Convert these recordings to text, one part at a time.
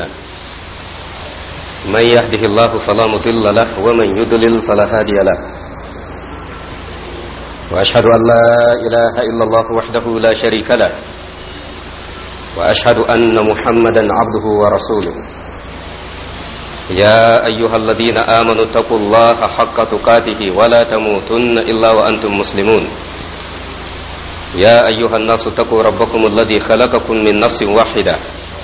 لنا من يهده الله فلا مضل له ومن يضلل فلا هادي له واشهد ان لا اله الا الله وحده لا شريك له واشهد ان محمدا عبده ورسوله يا ايها الذين امنوا اتقوا الله حق تقاته ولا تموتن الا وانتم مسلمون يا ايها الناس اتقوا ربكم الذي خلقكم من نفس واحده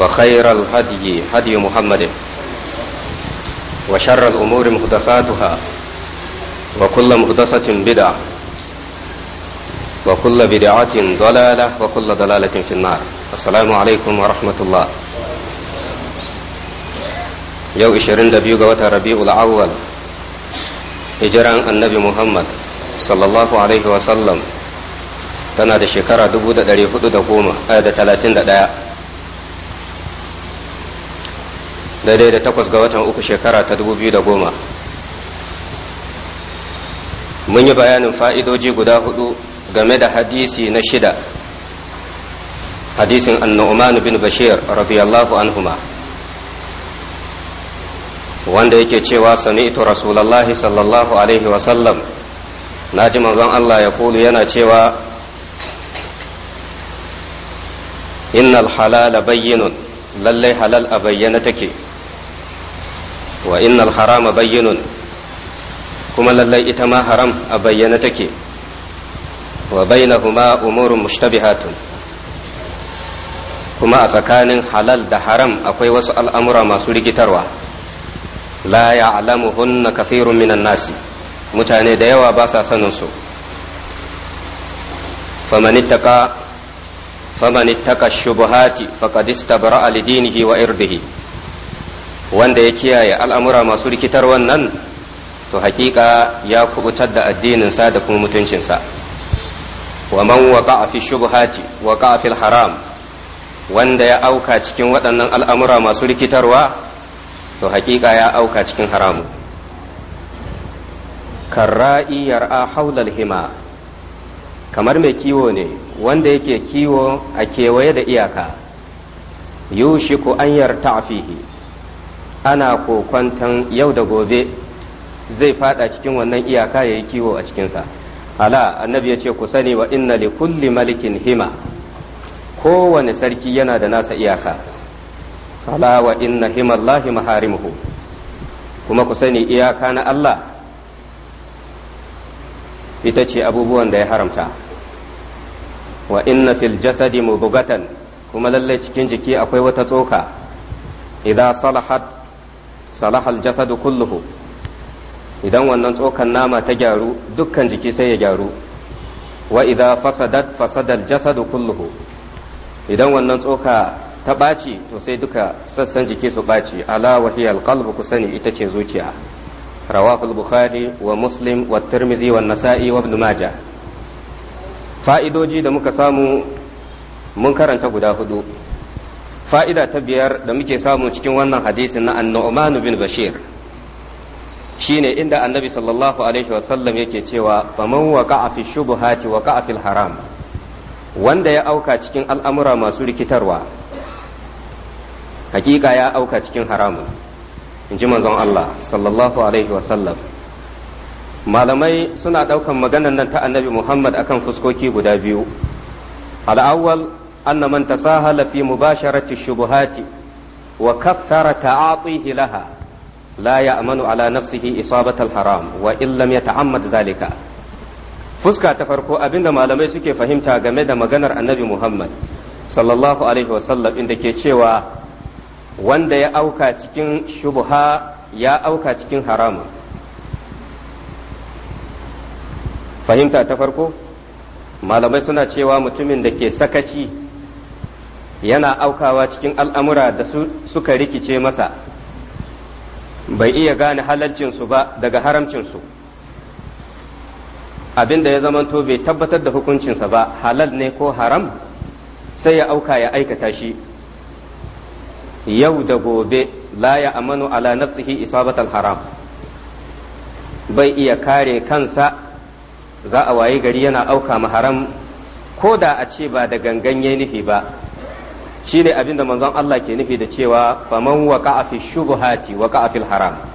وخير الهدي هدي محمد وشر الأمور مهدساتها وكل مهدسة بدعة وكل بدعة ضلالة وكل ضلالة في النار السلام عليكم ورحمة الله يو إشرين دبيوغ قوة ربيع الأول هجران النبي محمد صلى الله عليه وسلم تنا da shekara 1410 da 31 daidai da takwas ga watan uku shekara ta dubu biyu da goma mun yi bayanin fa'idoji guda hudu game da hadisi na shida hadisin annu'man bin bashir radiyallahu anhuma wanda yake cewa sami'tu rasulallahi sallallahu alaihi wasallam na ji manzon Allah ya kulu yana cewa innal halala bayyinun lallai halal a bayyana take wa innal harama bayyinun kuma lallai ita ma haram a bayyana take wa bainahuma umurun mushtabihatun kuma a tsakanin halal da haram akwai wasu al'amura masu rikitarwa la ya'lamuhunna kathirun minan nasi mutane da yawa ba sa sanin su faman ittaqa shubuhati faqad istabra'a lidinihi wa irdihi wanda ya kiyaye al'amura masu rikitar nan, to hakika ya kubutar da addininsa da kuma mutuncinsa wa man a fi waka a fil haram wanda ya auka cikin waɗannan al'amura masu rikitarwa to hakika ya auka cikin haramu karra'i yar'a haulal hima kamar mai kiwo ne wanda yake kiwo a kewaye da iyaka yushiku an yarta fihi ana ko kwantan yau da gobe zai fada cikin wannan iyaka ya yi kiwo a cikinsa ala annabi ya ce ku sani wa inna li kulli malikin hima kowane sarki yana da nasa iyaka ala wa inna himallahi maharimuhu kuma ku sani iyaka na Allah ita ce abubuwan da ya haramta wa inna fil jasadi mubugatan kuma lallai cikin jiki akwai wata tsoka idan salahat salahal jasadu kulluhu idan wannan tsokan nama ta gyaru dukkan jiki sai ya gyaru wa fasadar fasadat fasadal jasadu kulluhu idan wannan tsoka ta ɓaci to sai duka sassan jiki su ɓaci ala wa alqalbu ku sani ita ce zuciya Rawahul bukhari wa muslim wa tirmizi wa nasa'i wa ibn majah fa'idoji da muka samu mun karanta guda hudu fa'ida ta biyar da muke samu cikin wannan hadisin na annu'man bin bashir shi ne inda annabi sallallahu alaihi wasallam yake cewa ba faman waqa'a fi shubuhati a fil haram wanda ya auka cikin al'amura masu rikitarwa hakika ya auka cikin haramun in ji manzon Allah sallallahu alaihi wasallam malamai suna ɗaukan maganar nan ta annabi Muhammad akan fuskoki guda biyu al'awwal أن من تساهل في مباشرة الشبهات وكثر تعاطيه لها لا يأمن على نفسه إصابة الحرام وإن لم يتعمد ذلك fuska ta farko abinda malamai suke fahimta game da maganar annabi Muhammad sallallahu alaihi wasallam inda ke cewa wanda ya auka cikin shubha ya auka cikin haramun fahimta ta farko malamai suna cewa mutumin da ke sakaci yana aukawa cikin al'amura da suka rikice masa bai iya gane halalcinsu ba daga haramcinsu abin da ya zamanto bai tabbatar da hukuncinsa ba halal ne ko haram sai ya auka ya aikata shi yau da gobe la ya amanu ala nafsihi isabatal haram bai iya kare kansa za a wayi gari yana auka ma haram ko da a ce ba da gangan ya nufi ba shine abinda manzon Allah ke nufi da cewa faman waqa'a fi shubuhati waqa'a fil haram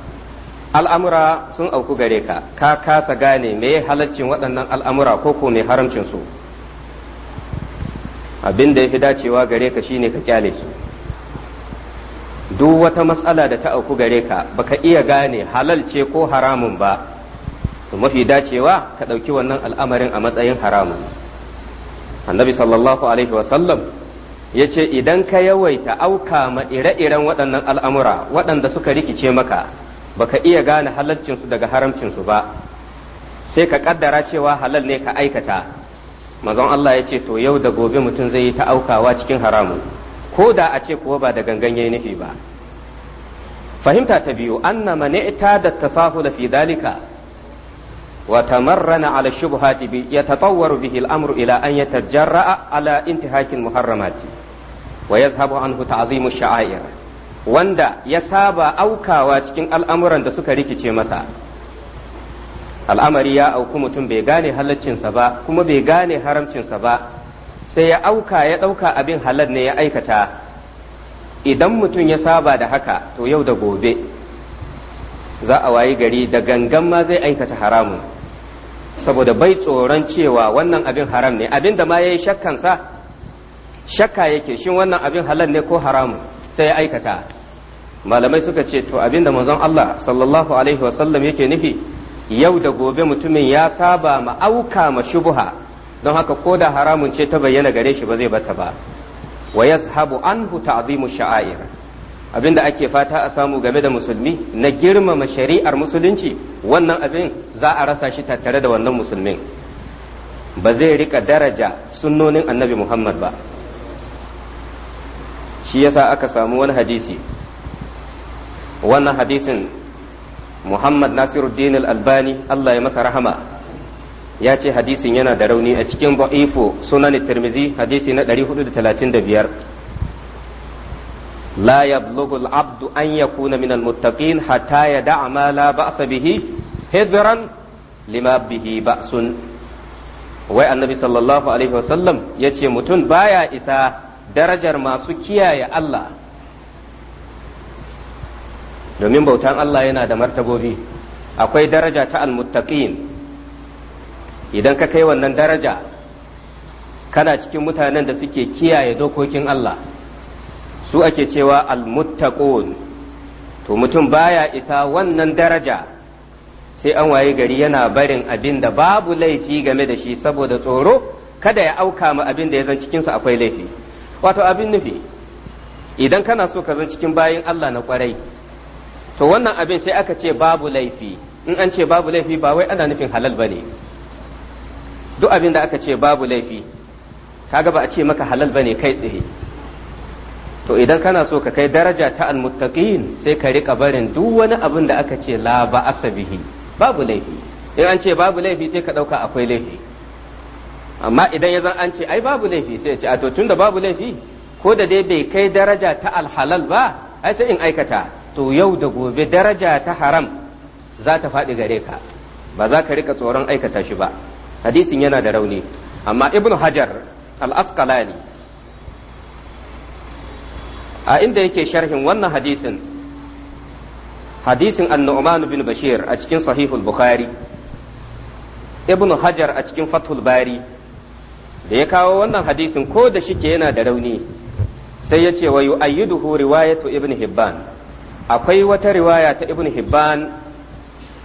al'amura sun auku gare ka ka kasa gane me halaccin waɗannan al'amura ko ko me haramcin su abinda ya fi dacewa gare ka shine ka kyale su duk wata matsala da ta auku gare ka baka iya gane halal ce ko haramun ba to mafi dacewa ka ɗauki wannan al'amarin a matsayin haramun annabi sallallahu alaihi sallam ya ce idan ka yawaita auka ma ire-iren waɗannan al'amura waɗanda suka rikice maka ba ka iya gane halalcinsu daga haramcinsu ba sai ka ƙaddara cewa halal ne ka aikata mazan Allah ya ce to yau da gobe mutum zai yi ta aukawa cikin haramu ko da a ce kuwa ba da gangan yi nufi ba fahimta ta biyu anna da i'tada da fi dalika Wata ya وتمرن على الشبهات يتطور به الأمر إلى أن يتجرأ على انتهاك المحرمات ويذهب ta تعظيم الشعائر wanda ya saba aukawa cikin al'amuran da suka rikice masa al'amari ya auku mutum bai gane halaccinsa ba kuma bai gane haramcinsa ba sai ya auka ya ɗauka abin halar ne ya aikata idan mutum ya saba da haka to yau da gobe za a wayi gari da gangan ma zai aikata haramun saboda bai tsoron cewa wannan abin haram ne abin da ma ya yi shakkansa shakka yake shin wannan abin halal ne ko haramu sai ya aikata malamai suka ce to abin da manzon Allah sallallahu alaihi wasallam yake nufi yau da gobe mutumin ya saba ma auka ma shubuha don haka ko da haramun ce ta bayyana gare shi ba zai bata ba wa yazhabu anhu ta'zimu sha'air Abin da ake fata a samu game da musulmi na girmama shari'ar musulunci wannan abin za a rasa shi tattare da wannan musulmin ba zai rika daraja sunnonin annabi muhammad ba shi yasa aka samu wani hadisi wannan hadisin muhammad nasiruddin al-albani allah ya masa rahama ya ce hadisin yana da rauni a cikin suna sunan tirmizi hadisi na 435 la يبلغ العبد abdu an من min حتى يدع hatta لا ma la ba'sa bihi به lima bihi النبي wai annabi sallallahu alaihi يتي yace mutum baya isa darajar masu kiyaye Allah domin bautan Allah yana da martabobi akwai daraja ta almuttaqin idan ka kai wannan daraja kana cikin mutanen da suke kiyaye dokokin Allah su ake cewa almuttaqun to mutum baya isa wannan daraja sai an waye gari yana barin abin da babu laifi game da shi saboda tsoro kada ya auka ma abin da ya zan sa akwai laifi wato abin nufi idan kana so ka zan cikin bayin Allah na kwarai to wannan abin sai aka ce babu laifi in an ce babu laifi ba wai ana nufin halal bane duk abin da aka ce babu laifi kaga ba a ce maka halal bane kai tsaye to idan kana so ka kai daraja ta almuttaqin sai ka rika barin duk wani abin da aka ce la ba asabihi babu laifi idan an ce babu laifi sai ka ɗauka akwai laifi amma idan ya yazan an ce ai babu laifi sai ce a to tunda babu laifi ko da dai bai kai daraja ta alhalal ba ai sai in aikata to yau da gobe daraja ta haram za ta faɗi gare ka ba za ka rika tsoron aikata shi ba hadisin yana da rauni amma ibnu hajar al-asqalani a inda yake sharhin wannan hadisin hadisin annu'man bin bashir a cikin sahihul bukhari ibnu hajar a cikin fathul bari da ya kawo wannan hadisin ko da shike yana da rauni sai ya ce wa yu'ayyiduhu riwayatu ibn hibban akwai wata riwaya ta ibn hibban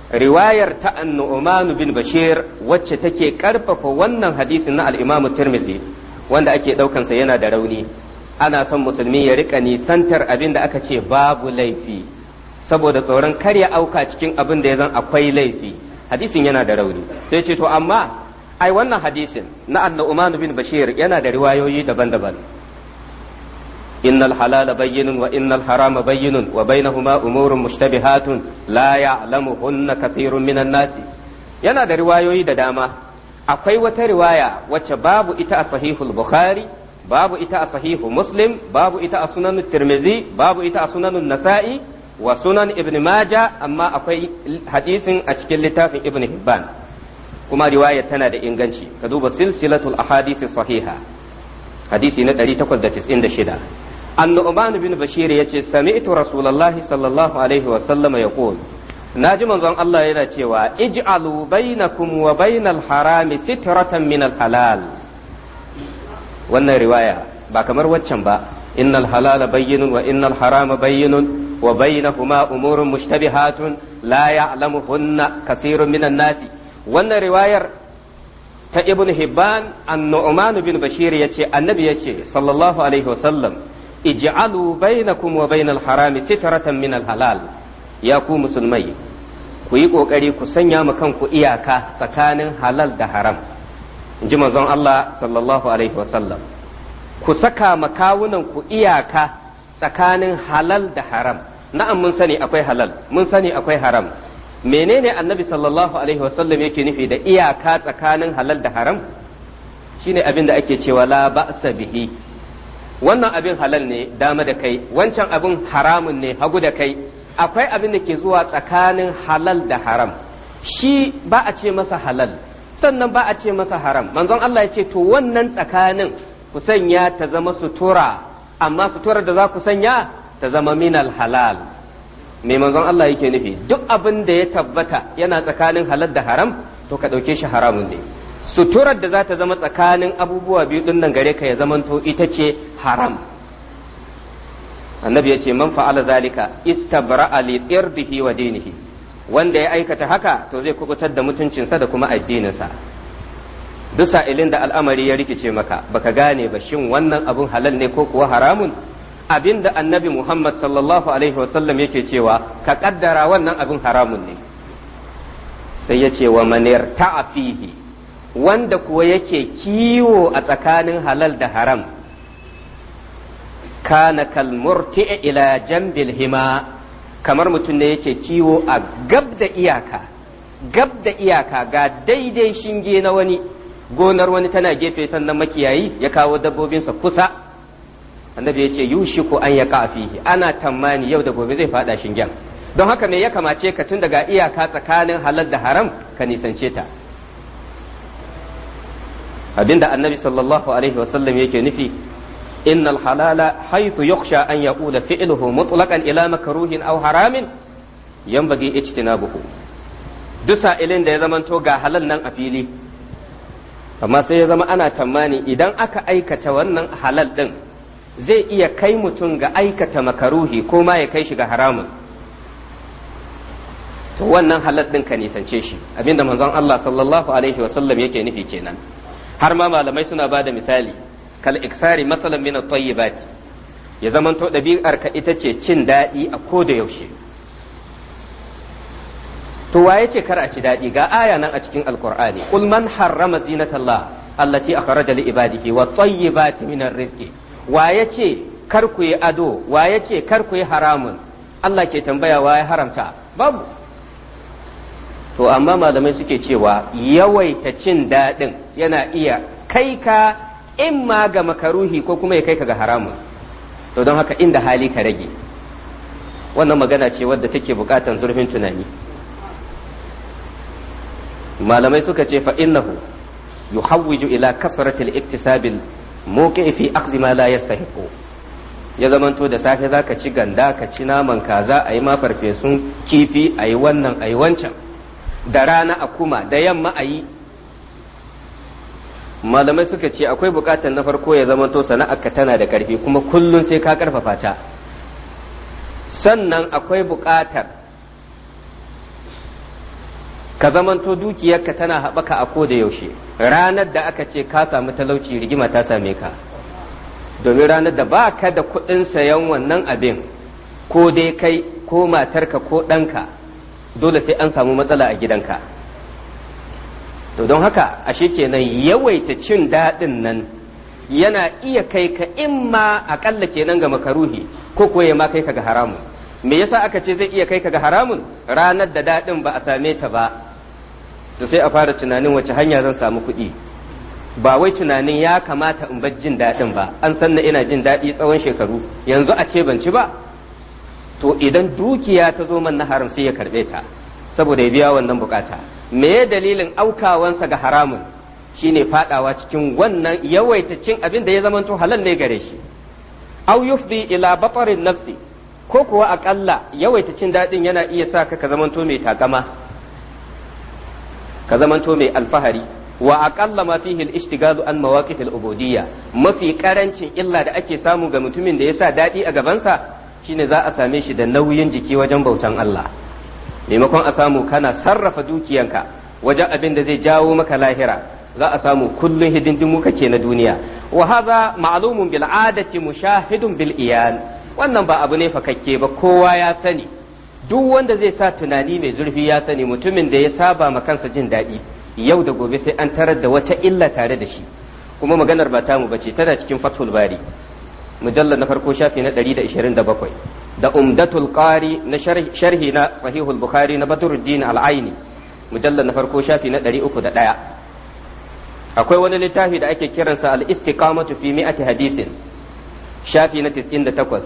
riwayar ta annu'man bin bashir wacce take karfafa wannan hadisin na al imamu tirmidhi wanda ake sa yana da rauni ana son musulmi ya rika nisantar abin da aka ce babu laifi saboda tsoron kar ya auka cikin abin da ya zan akwai laifi hadisin yana da rauni sai ce to amma ai wannan hadisin na Uman bin bashir yana da riwayoyi daban-daban innal halala bayyinun wa innal harama bayyinun wa bainahuma umurun mushtabihatun la ya'lamuhunna kathirun minan nas yana da riwayoyi da dama akwai wata riwaya wacce babu ita a sahihul bukhari babu ita a sahihu muslim babu ita a sunan tirmizi babu ita a sunan nasa'i wa sunan ibn maja amma akwai hadisin a cikin littafin ibn hibban kuma riwaya tana da inganci ka duba silsilatul ahadisi sahiha hadisi na 896 annu'man bin bashir yace sami'tu rasulullahi sallallahu alaihi wa sallama yaqul naji manzon Allah yana cewa ij'alu bainakum wa bainal harami sitratan min al halal wannan riwaya ba kamar waccan ba innal halala bayyinun wa innal harama bayyinun wa bainahuma umurun mushtabihatun la ya'lamuhunna kaseerun minan nasi wannan riwayar ta ibn hibban an-nu'man bin bashir yace annabi yace sallallahu alaihi wasallam ij'alu bainakum wa bainal harami sitratan minal halal ya ku musulmai ku yi kokari ku sanya mu kanku iyaka tsakanin halal da haram in ji manzon Allah sallallahu alaihi wasallam ku saka makawunan ku iyaka tsakanin halal da haram na'am mun sani akwai halal mun sani akwai haram menene annabi sallallahu alaihi wasallam yake nufi da iyaka tsakanin halal da haram shine abin da ake cewa la ba'sa bihi wannan abin halal ne dama da kai wancan abin haramun ne hagu da kai akwai abin da ke zuwa tsakanin halal da haram shi ba a ce masa halal sannan ba a ce masa haram manzon Allah ya ce to wannan tsakanin ku sanya ta zama sutura amma suturar da za ku sanya ta zama minal halal me manzon Allah yake nufi duk abin da ya tabbata yana tsakanin halal da haram to ka ɗauke shi haramun ne suturar da za ta zama tsakanin abubuwa biyu ɗin nan gare ka ya zamanto ita ce haram annabi ya ce man fa'ala zalika istabra'a li irdihi wa dinihi wanda ya aikata haka to zai kubutar da mutuncinsa da kuma addininsa duk sa'ilin da al'amari ya rikice maka baka gane ba shin wannan abun halal ne ko kuwa haramun abin da annabi muhammad sallallahu alaihi wasallam yake cewa ka kaddara wannan abin haramun ne sai ya ce wa manir ta'afihi wanda kuwa yake kiwo a tsakanin halal da haram kana kalmurti ila jambil hima kamar mutum ne yake kiwo a gab da iyaka gab da iyaka ga daidai shinge na wani gonar wani tana gefe sannan makiyayi ya kawo dabbobinsa kusa annabi ya ce yushi ko an ya fihi ana tammani yau da gobe zai fada shingen don haka me ya kamace ka tun daga iyaka tsakanin halar da haram ka nisance ta abinda annabi sallallahu alaihi wasallam yake nufi innal halala haythu yukhsha an yaqula fi'luhu mutlaqan ila makruhin aw haramin yanbaghi ijtinabuhu duk sa'ilin da ya zamanto ga halal nan a fili amma sai ya zama ana tamani idan aka aikata wannan halal ɗin zai iya kai mutum ga aikata makaruhi ko ma ya kai shi ga haramun to wannan halal ɗin ka nisance shi abinda manzon Allah sallallahu alaihi wasallam yake nufi kenan har ma malamai suna bada misali kal iksari masalan min at-tayyibati ya to ɗabi'ar ka ita ce cin daɗi a ko da yaushe to waye ce kar a ci daɗi ga aya nan a cikin alqur'ani qul man harrama zinatallah allati akhraja li ibadihi wa tayyibati min ar-rizqi waye ce kar ku yi ado waye ce kar ku yi haramun Allah ke tambaya ya haramta babu to amma malamai suke cewa yawaita cin daɗin yana iya kai ka in ma ga makaruhi ko kuma ya kai ka ga haramun to don haka inda hali ka rage wannan magana ce wadda take bukatan zurfin tunani malamai suka ce fa innahu yuhawwiju ila kasratil iktisabil muqi fi akhdhi ma la yastahiqu ya zamanto da safe zaka ci ganda ka ci naman kaza ayi ma farfesun kifi ayi wannan ayi wancan da rana a kuma da yamma ayi malamai suka ce akwai bukatar na farko ya zamanto sana'arka tana da karfi kuma kullum sai ka karfafa ta sannan akwai bukatar ka zamanto dukiyarka tana haɓaka a ko da yaushe ranar da aka ce ka samu talauci rigima ta same ka domin ranar da ba ka da kuɗin sayan wannan abin ko dai kai ko matarka ko ɗanka dole sai an samu matsala a gidanka to don haka ashe kenan yawaita cin daɗin nan yana iya kai ka imma aƙalla kenan ga makaruhi ko ko ma kai ka ga haramun me yasa aka ce zai iya kai ka ga haramun ranar da daɗin ba a same ta ba to sai a fara tunanin wace hanya zan samu kuɗi ba wai tunanin ya kamata in bar jin daɗin ba an san na ina jin daɗi tsawon shekaru yanzu a ce ban ci ba to idan dukiya ta zo man na haram sai ya karɓe ta saboda ya biya wannan bukata me dalilin aukawansa ga haramun shine fadawa cikin wannan yawaita cin abin da ya zamanto halal ne gare shi aw yufdi ila batarin nafsi ko kuwa akalla yawaita cin daɗin yana iya sa ka ka zamanto mai takama ka zamanto mai alfahari wa aqalla ma fihi al-ishtigalu an mawaqif al-ubudiyya mafi karancin illa da ake samu ga mutumin da yasa dadi a gabansa shine za a same shi da nauyin jiki wajen bautan Allah maimakon a samu kana sarrafa dukiyanka wajen abin da zai jawo maka lahira za a samu kullun hidindimu kake na duniya wa haza ma'lumun bil adati mushahidun bil iyal wannan ba abu ne fakakke ba kowa ya sani duk wanda zai sa tunani mai zurfi ya sani mutumin da ya saba ma kansa jin daɗi yau da gobe sai an tarar da wata illa tare da shi kuma maganar ba tamu bace tana cikin fathul bari mujallar na farko shafi na 127 da umdatul qari na sharhi na sahihul bukhari na badruddin al-aini mujallar na farko shafi na 301 akwai wani littafi da ake kiransa al-istiqamatu fi mi'ati hadisin shafi na 98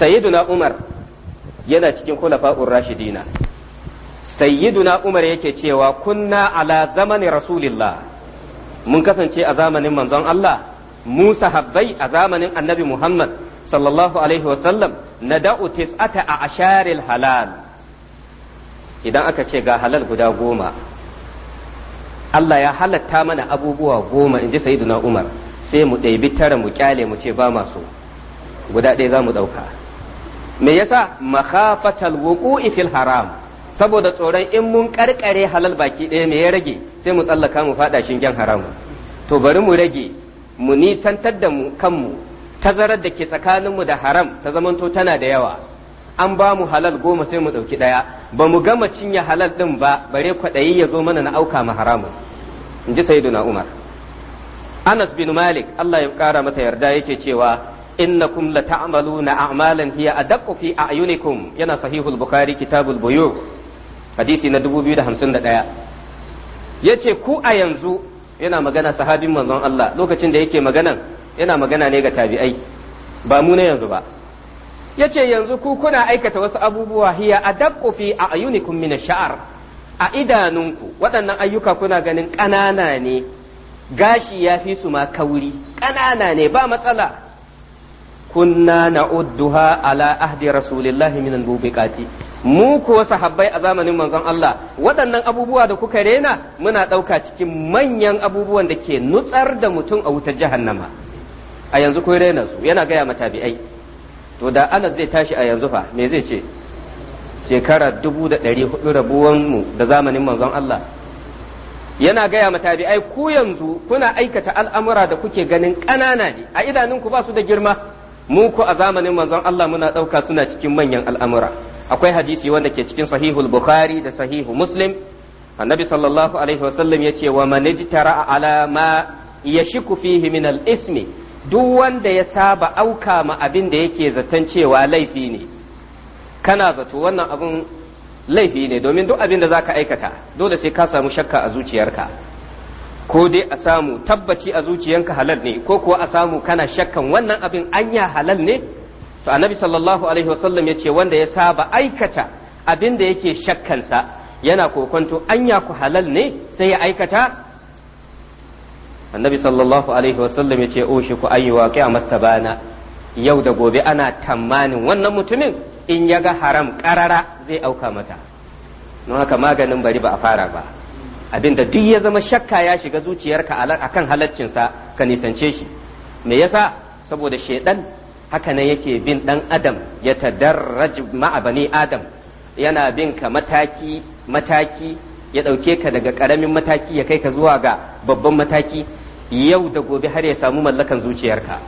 sayyiduna umar yana cikin khulafa'ur rashidina sayyiduna umar yake cewa kunna ala zamani rasulillah mun kasance a zamanin manzon Allah Musa Habbai a zamanin annabi Muhammad sallallahu alaihi wasallam na da'u tis'ata a asharil halal idan aka ce ga halal guda goma Allah ya halatta mana abubuwa goma in ji sayyiduna Umar sai mu ɗebi tara mu kyale mu ce ba masu guda ɗaya za mu ɗauka me yasa makhafatal wuqu'i fil haram saboda tsoron in mun karkare halal baki ɗaya me ya rage sai mu tsallaka mu faɗa shingen haramun to bari mu rage mu nisantar da mu kanmu tazarar da ke tsakaninmu da haram ta zamanto tana da yawa an ba mu halal goma sai mu ɗauki ɗaya ba mu gama cinye halal ɗin ba bare kwaɗayi ya zo mana na auka ma haramun in ji sayyiduna umar anas bin malik allah ya ƙara masa yarda yake cewa innakum la ta'maluna a'malan hiya adaqqu fi a'yunikum yana sahihul bukhari kitabul buyu hadisi na 2051 yace ku a yanzu yana magana sahabin manzon Allah lokacin da yake maganan yana magana ne ga tabi'ai ba mu ne yanzu ba yace yanzu ku kuna aikata wasu abubuwa hiya adaqqu fi a'yunikum min ash-sha'r a idanunku waɗannan ayyuka kuna ganin ƙanana ne gashi ya fi su ma kauri ƙanana ne ba matsala kunna na'udduha ala ahdi rasulillahi min al-mubiqati mu ko sahabbai a zamanin manzon Allah waɗannan abubuwa da kuka rena muna ɗauka cikin manyan abubuwan da ke nutsar da mutum a wutar jahannama a yanzu ko rena su yana gaya matabi'ai to da Anas zai tashi a yanzu fa me zai ce shekara dubu da ɗari hudu rabuwan mu da zamanin manzon Allah yana gaya ma tabi'ai ku yanzu kuna aikata al'amura da kuke ganin ƙanana ne a idanunku ba su da girma mu ko a zamanin manzon Allah muna ɗauka suna cikin manyan al'amura akwai hadisi wanda ke cikin sahihul bukhari da sahihu muslim annabi sallallahu alaihi wasallam ya ce wa man ijtara ala ma yashiku fihi min al ismi duk wanda ya saba auka ma abin da yake zaton cewa laifi ne kana zato wannan abun laifi ne domin duk abin da zaka aikata dole sai ka samu shakka a zuciyarka ko dai a samu tabbaci a zuciyanka halal ne ko kuwa a samu kana shakkan wannan abin anya halal ne to annabi sallallahu alaihi wasallam yace wanda ya saba aikata abin da yake shakkansa yana kokonto anya ku halal ne sai ya aikata annabi sallallahu alaihi wasallam yace o shi ku ayi waqi'a mastabana yau da gobe ana tamanin wannan mutumin in ya ga haram karara zai auka mata don haka maganin bari ba a fara ba abinda duk ya zama shakka ya shiga zuciyarka akan halaccinsa ka nisance shi me yasa saboda shaidan haka nan yake bin dan adam ya tadarraj ma'a bani adam yana bin ka mataki mataki ya ɗauke ka daga ƙaramin mataki ya kai ka zuwa ga babban mataki yau da gobe har ya samu mallakan zuciyarka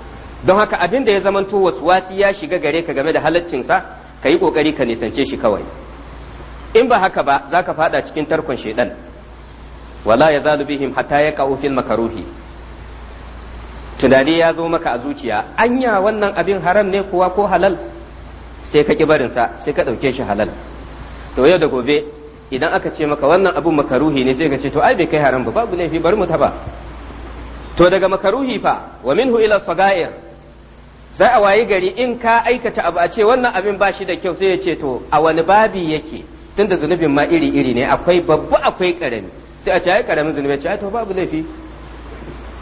don haka abin da ya zamanto wasi ya shiga gare ka game da halaccinsa ka yi ƙoƙari ka nisance shi kawai in ba haka ba za ka faɗa cikin tarkon shaidan wala ya zalu bihim hatta ya ka'u fil makaruhi tunani ya zo maka a zuciya anya wannan abin haram ne kuwa ko halal sai ka barin sa sai ka dauke shi halal to yau da gobe idan aka ce maka wannan abun makaruhi ne sai ka ce to ai bai kai haram ba babu laifi bari mu taba to daga makaruhi fa wa minhu ila sagair sai a wayi gari in ka aikata abu a ce wannan abin ba shi da kyau sai ya ce to a wani babi yake tunda zunubin ma iri iri ne akwai babba akwai karami sai a ce ai karamin zunubi ce ai to babu laifi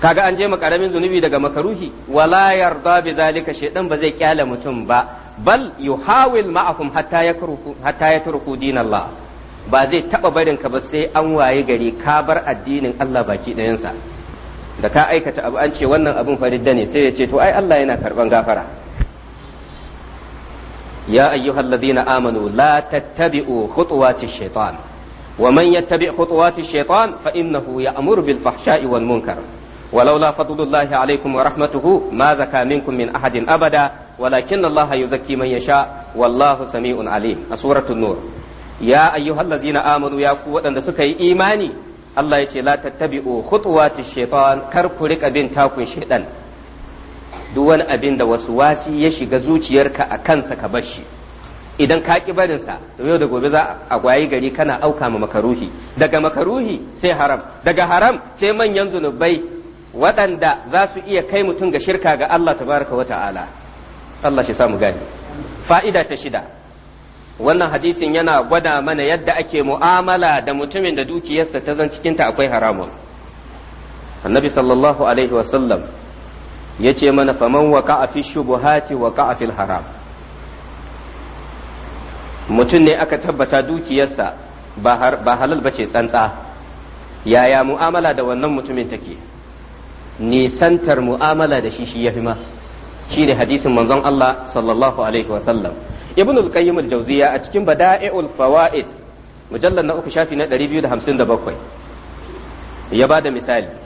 kaga an je ma karamin zunubi daga makaruhi wala yarda bi zalika shaydan ba zai kyale mutum ba bal yuhawil ma'akum hatta yakruhu hatta yatruku dinallah ba zai taba barin ka ba sai an waye gari ka bar addinin Allah baki sa da ka aikata abu an ce wannan abun faridda ne sai ya ce to ai Allah yana karban gafara ya ayyuhallazina amanu la tattabi'u khutuwatish shaitan ومن يتبع خطوات الشيطان فإنه يأمر بالفحشاء والمنكر ولولا فضل الله عليكم ورحمته ما زكى منكم من أحد أبدا ولكن الله يزكي من يشاء والله سميع عليم سورة النور يا أيها الذين آمنوا يا قوة أن سكي إيماني الله يتي لا تتبعوا خطوات الشيطان كركرك أبين تاكو شيطان دون أبين دا وسواسي يشي غزوتي يركا أكنسك بشي idan ka ki barin sa to yau da gobe za a gwayi gari kana auka ma makaruhi daga makaruhi sai haram daga haram sai manyan zunubai waɗanda za su iya kai mutum ga shirka ga Allah tabaraka wa ta'ala Allah shi samu gani fa'ida ta shida wannan hadisin yana gwada mana yadda ake mu'amala da mutumin da dukiyarsa ta zan cikinta akwai haramun annabi sallallahu alaihi wa ya ce mana faman waqa'a fi shubuhati wa a fil haram mutum ne aka tabbata dukiyarsa ba halal bace tsantsa yaya mu'amala da wannan mutumin take nisantar mu'amala da shi shi ya fi ma ne hadisin manzon Allah sallallahu alaihi wa sallam ibn al-qayyim a cikin bada'i'ul fawaid mujallal na uku shafi na 257 ya bada misali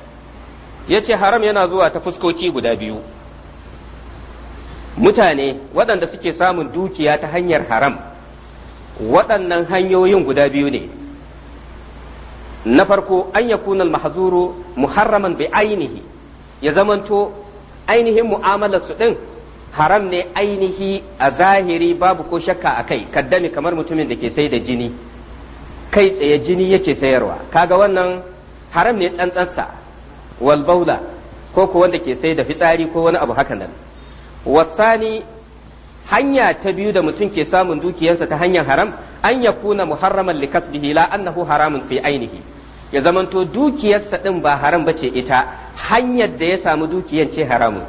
Ya ce haram yana zuwa ta fuskoki guda biyu mutane waɗanda suke samun dukiya ta hanyar haram waɗannan hanyoyin guda biyu ne na farko an ya kuna mahzuru muharraman bai ainihi ya zamanto ainihin mu'amalar su ɗin haram ne ainihi a zahiri babu ko shakka a kai kaddami kamar mutumin da ke sai da jini kai tsaye jini yake sayarwa kaga wannan haram ne tsantsansa walbaula ko ko wanda ke sai da fitsari ko wani abu haka nan wasani hanya ta biyu da mutum ke samun dukiyarsa ta hanyar haram an ya kuna muharraman li kasbihi la annahu haramun fi ainihi ya zamanto dukiyarsa din ba haram bace ita hanyar da ya samu dukiyar ce haramun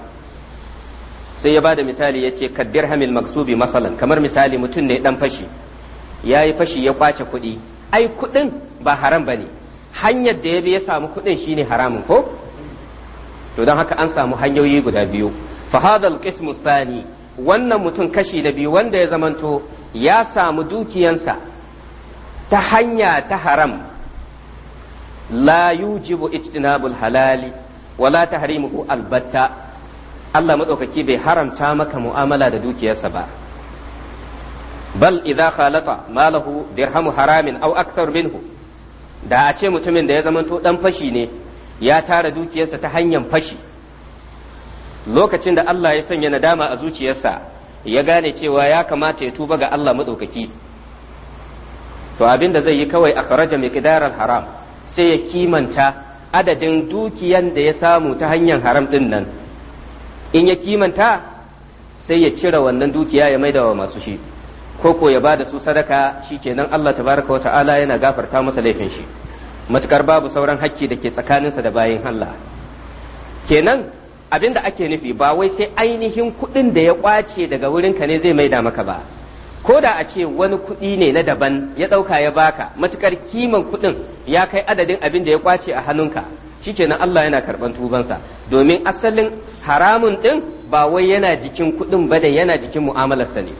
sai ya ba da misali ya ce kaddir hamil maksubi masalan kamar misali mutum ne dan fashi ya yi fashi ya kwace kuɗi ai kuɗin ba haram bane hanyar da ya bi ya samu kuɗin shine haramun ko to don haka an samu hanyoyi guda biyu fa hadha al-qismu thani wannan mutum kashi da biyu wanda ya zamanto ya samu dukiyansa ta hanya ta haram la yujibu ijtinabul halali wala tahrimuhu albatta Allah maɗaukaki bai haramta maka mu'amala da dukiyarsa ba bal idza khalata malahu dirhamu haramin aw aksar minhu da a ce mutumin da ya zamanto dan fashi ne ya tara dukiyarsa ta hanyar fashi lokacin da Allah ya sanya nadama a zuciyarsa ya gane cewa ya kamata ya tuba ga Allah maɗaukaki to abin da zai yi kawai a kharaja miqdaral haram sai ya kimanta adadin dukiyan da ya samu ta hanyar haram din nan in ya kimanta sai ya cire wannan dukiya ya maida wa masu shi Ko koko ya ba da su sadaka shikenan Allah tabaraka wata'ala yana gafarta masa laifin shi matukar babu sauran hakki da ke tsakaninsa da bayin Allah kenan abin da ake nufi ba wai sai ainihin kuɗin da ya ƙwace daga wurinka ne zai maida maka ba ko da a ce wani kuɗi ne na daban ya ɗauka ya baka matukar kiman kuɗin ya kai adadin abin da ya ƙwace a hannunka shikenan Allah yana karɓan tubansa domin asalin haramun ɗin ba wai yana jikin kuɗin ba da yana jikin mu'amalarsa ne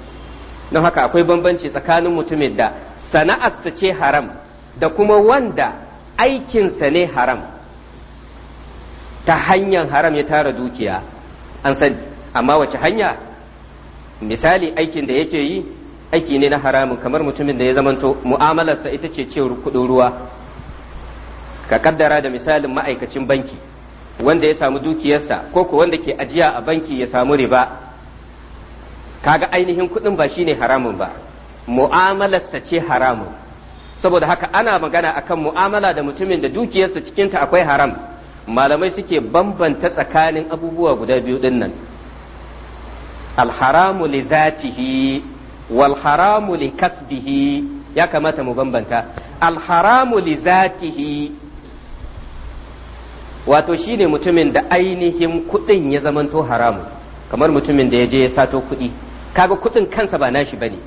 don haka akwai bambanci tsakanin mutumin da sana'arsa ce haram da kuma wanda aikinsa ne haram ta hanyar haram ya tara dukiya an sani amma wace hanya misali aikin da yake yi aiki ne na haramun kamar mutumin da ya zamanto mu'amalarsa ita ce ce kudin ruwa ka kaddara da misalin ma'aikacin banki wanda ya samu dukiyarsa ko ko wanda ke ajiya a banki ya samu riba kaga ainihin kudin ba shine haramun ba mu'amalarsa ce haramun saboda haka ana magana akan mu'amala da mutumin da dukiyarsa cikinta akwai haram malamai suke bambanta tsakanin abubuwa guda biyu din nan alharamu li zatihi wal li kasbihi ya kamata mu bambanta alharamu li zatihi wato shine mutumin da ainihin kuɗin ya zamanto haramu kamar mutumin da ya je ya sato kuɗi kaga kudin kansa ba nashi bane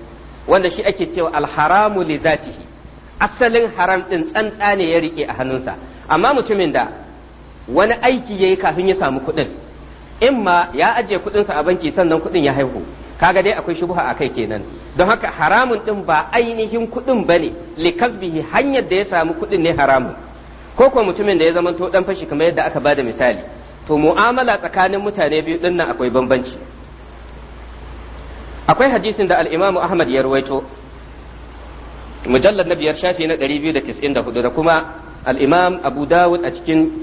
wanda shi ake cewa alharamu li zatihi asalin haram din tsantsa ne ya rike a hannunsa amma mutumin da wani aiki yayi kafin ya samu kuɗin in ma ya ajiye kuɗinsa a banki sannan kuɗin ya haihu kaga dai akwai shubha a kai kenan don haka haramun ɗin ba ainihin kuɗin ba ne likasbihi hanyar da ya samu kuɗin ne haramun ko kuwa mutumin da ya zama to ɗan fashi kamar yadda aka bada misali to mu'amala tsakanin mutane biyu ɗin nan akwai bambanci akwai hadisin da al'imamu ahmad ya ruwaito mujallar na biyar shafi na 294 da kuma al'imam abu dawud a cikin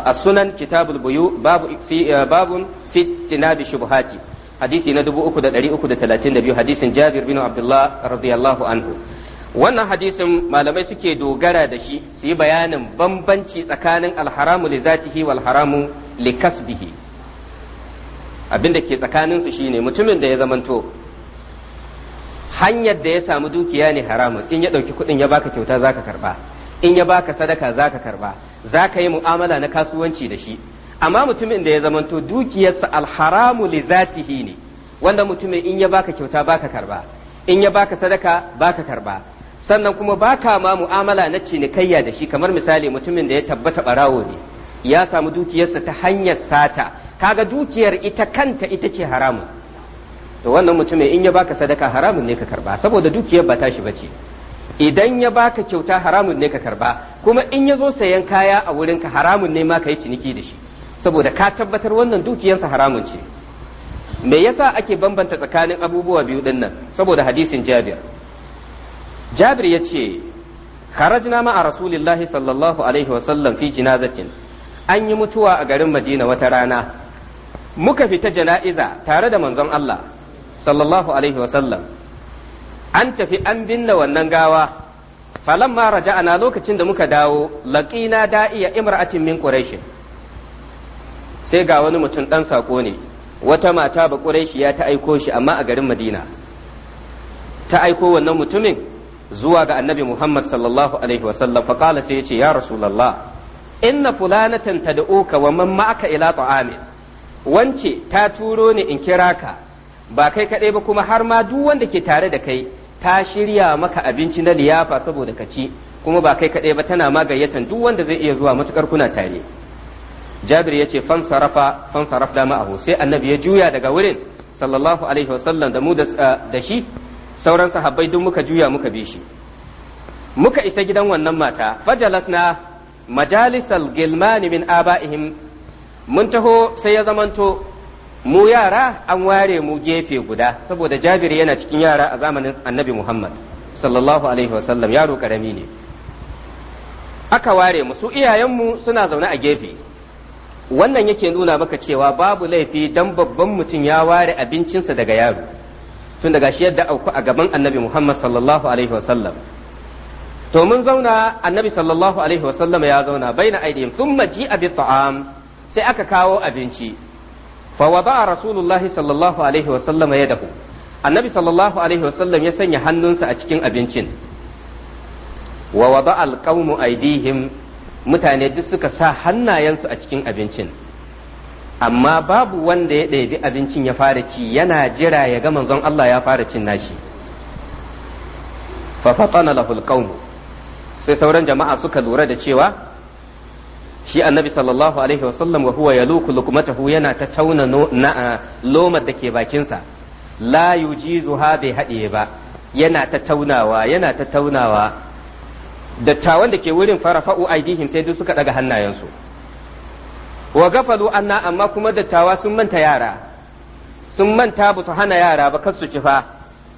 as-sunan kitabul buyu babu fi babun fi tinabi shubuhati hadisi na 3332 hadisin Jabir bin Abdullah radiyallahu anhu wannan hadisin malamai suke dogara da shi suyi bayanin bambanci tsakanin alharamu li zatihi wal haramu li kasbihi abinda ke tsakanin shine mutumin da ya zamanto hanyar da ya samu dukiya ne haramun in ya ɗauki kuɗin ya baka kyauta zaka karba in ya baka sadaka zaka karba za ka yi mu'amala na kasuwanci da shi amma mutumin da ya zamanto dukiyarsa alharamu li zatihi ne wanda mutumin in ya baka kyauta baka karba in ya baka sadaka baka karba sannan kuma baka ma mu'amala na cinikayya da shi kamar misali mutumin da ya tabbata barawo ne ya samu dukiyarsa ta hanyar sata kaga dukiyar ita kanta ita ce haramun to wannan mutumin in ya baka sadaka haramun ne ka karba saboda dukiyar ba tashi bace idan ya baka kyauta haramun ne ka karba kuma in ya zo sayan kaya a wurinka haramun ne ma ka yi ciniki da shi saboda ka tabbatar wannan dukiyarsa haramun ce me yasa ake bambanta tsakanin abubuwa biyu din nan saboda hadisin Jabir Jabir ya ce kharajna ma a rasulillahi sallallahu alaihi wasallam fi jinazatin an yi mutuwa a garin Madina wata rana muka fita jana'iza tare da manzon Allah sallallahu alaihi wasallam an tafi an binne wannan gawa raja na lokacin da muka dawo laqina da'iya imra'atin min quraish sai ga wani mutum ɗan sako ne wata mata ba quraish ya ta aiko shi amma a garin madina ta aiko wannan mutumin zuwa ga annabi muhammad sallallahu alaihi wasallam fa qala sai yace ya rasulullah inna fulanatan tad'uka wa man ma'aka ila ta'amin wance ta turo ni in kira ka ba kai kaɗai ba kuma har ma duk wanda ke tare da kai ta shirya maka abinci na liyafa saboda ka ci kuma ba kai kaɗai ba tana magayyatan duk wanda zai iya zuwa matukar kuna tare jabir ya ce fansarafa fansaraf da ma'ahu sai annabi ya juya daga wurin sallallahu alaihi wasallam da mu eh, da shi sauran sahabbai duk muka juya muka bi shi muka isa gidan wannan mata fajalasna majalisal gilmani min aba'ihim mun taho sai ya zamanto mu yara an ware mu gefe guda saboda jabir yana cikin yara a zamanin annabi muhammad sallallahu alaihi wasallam yaro karami ne aka ware mu su iyayenmu suna zaune a gefe wannan yake nuna maka cewa babu laifi dan babban mutum ya ware abincinsa daga yaro tun daga shi yadda auku a gaban annabi muhammad sallallahu alaihi wasallam to mun zauna annabi sallallahu alaihi wasallam ya zauna baina aidihim thumma ji'a bi ta'am sai aka kawo abinci fa wada rasulullahi sallallahu alaihi wa sallam yadahu annabi sallallahu alaihi wa sallam ya sanya hannunsa a cikin abincin wa wada alqawmu aydihim mutane duk suka sa hannayensu a cikin abincin amma babu wanda ya ɗaibi abincin ya fara ci yana jira ya ga manzon Allah ya fara cin nashi fa fatana lahul qawm sai sauran jama'a suka lura da cewa shi annabi sallallahu alaihi wasallam wa huwa yaluku luqmatahu yana ta tauna na lomar da ke bakinsa la ha bai haɗe ba yana ta taunawa yana ta taunawa dattawan da ke wurin farafa'u aidihim sai duk suka daga hannayensu wa gafalu anna amma kuma dattawa sun manta yara sun manta ba su hana yara ba kar su ci fa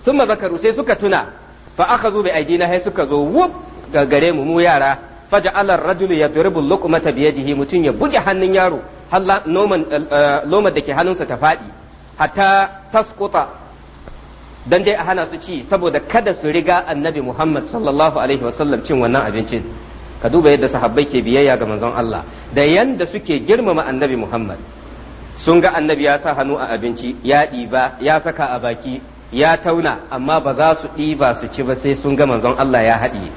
sun mazakaru sai suka tuna fa aka zo bai aidina sai suka zo wuf gare mu mu yara faja'ala ar-rajul yadribu luqmata bi yadihi mutun ya buge hannun yaro halla da ke hannunsa ta fadi hatta tasquta dan dai a hana su ci saboda kada su riga annabi Muhammad sallallahu alaihi wasallam cin wannan abincin ka duba yadda sahabbai ke biyayya ga manzon Allah da yanda suke girmama annabi Muhammad sun ga annabi ya sa hannu a abinci ya ɗiba ya saka a baki ya tauna amma ba za su ɗiba su ci ba sai sun ga manzon Allah ya haɗiye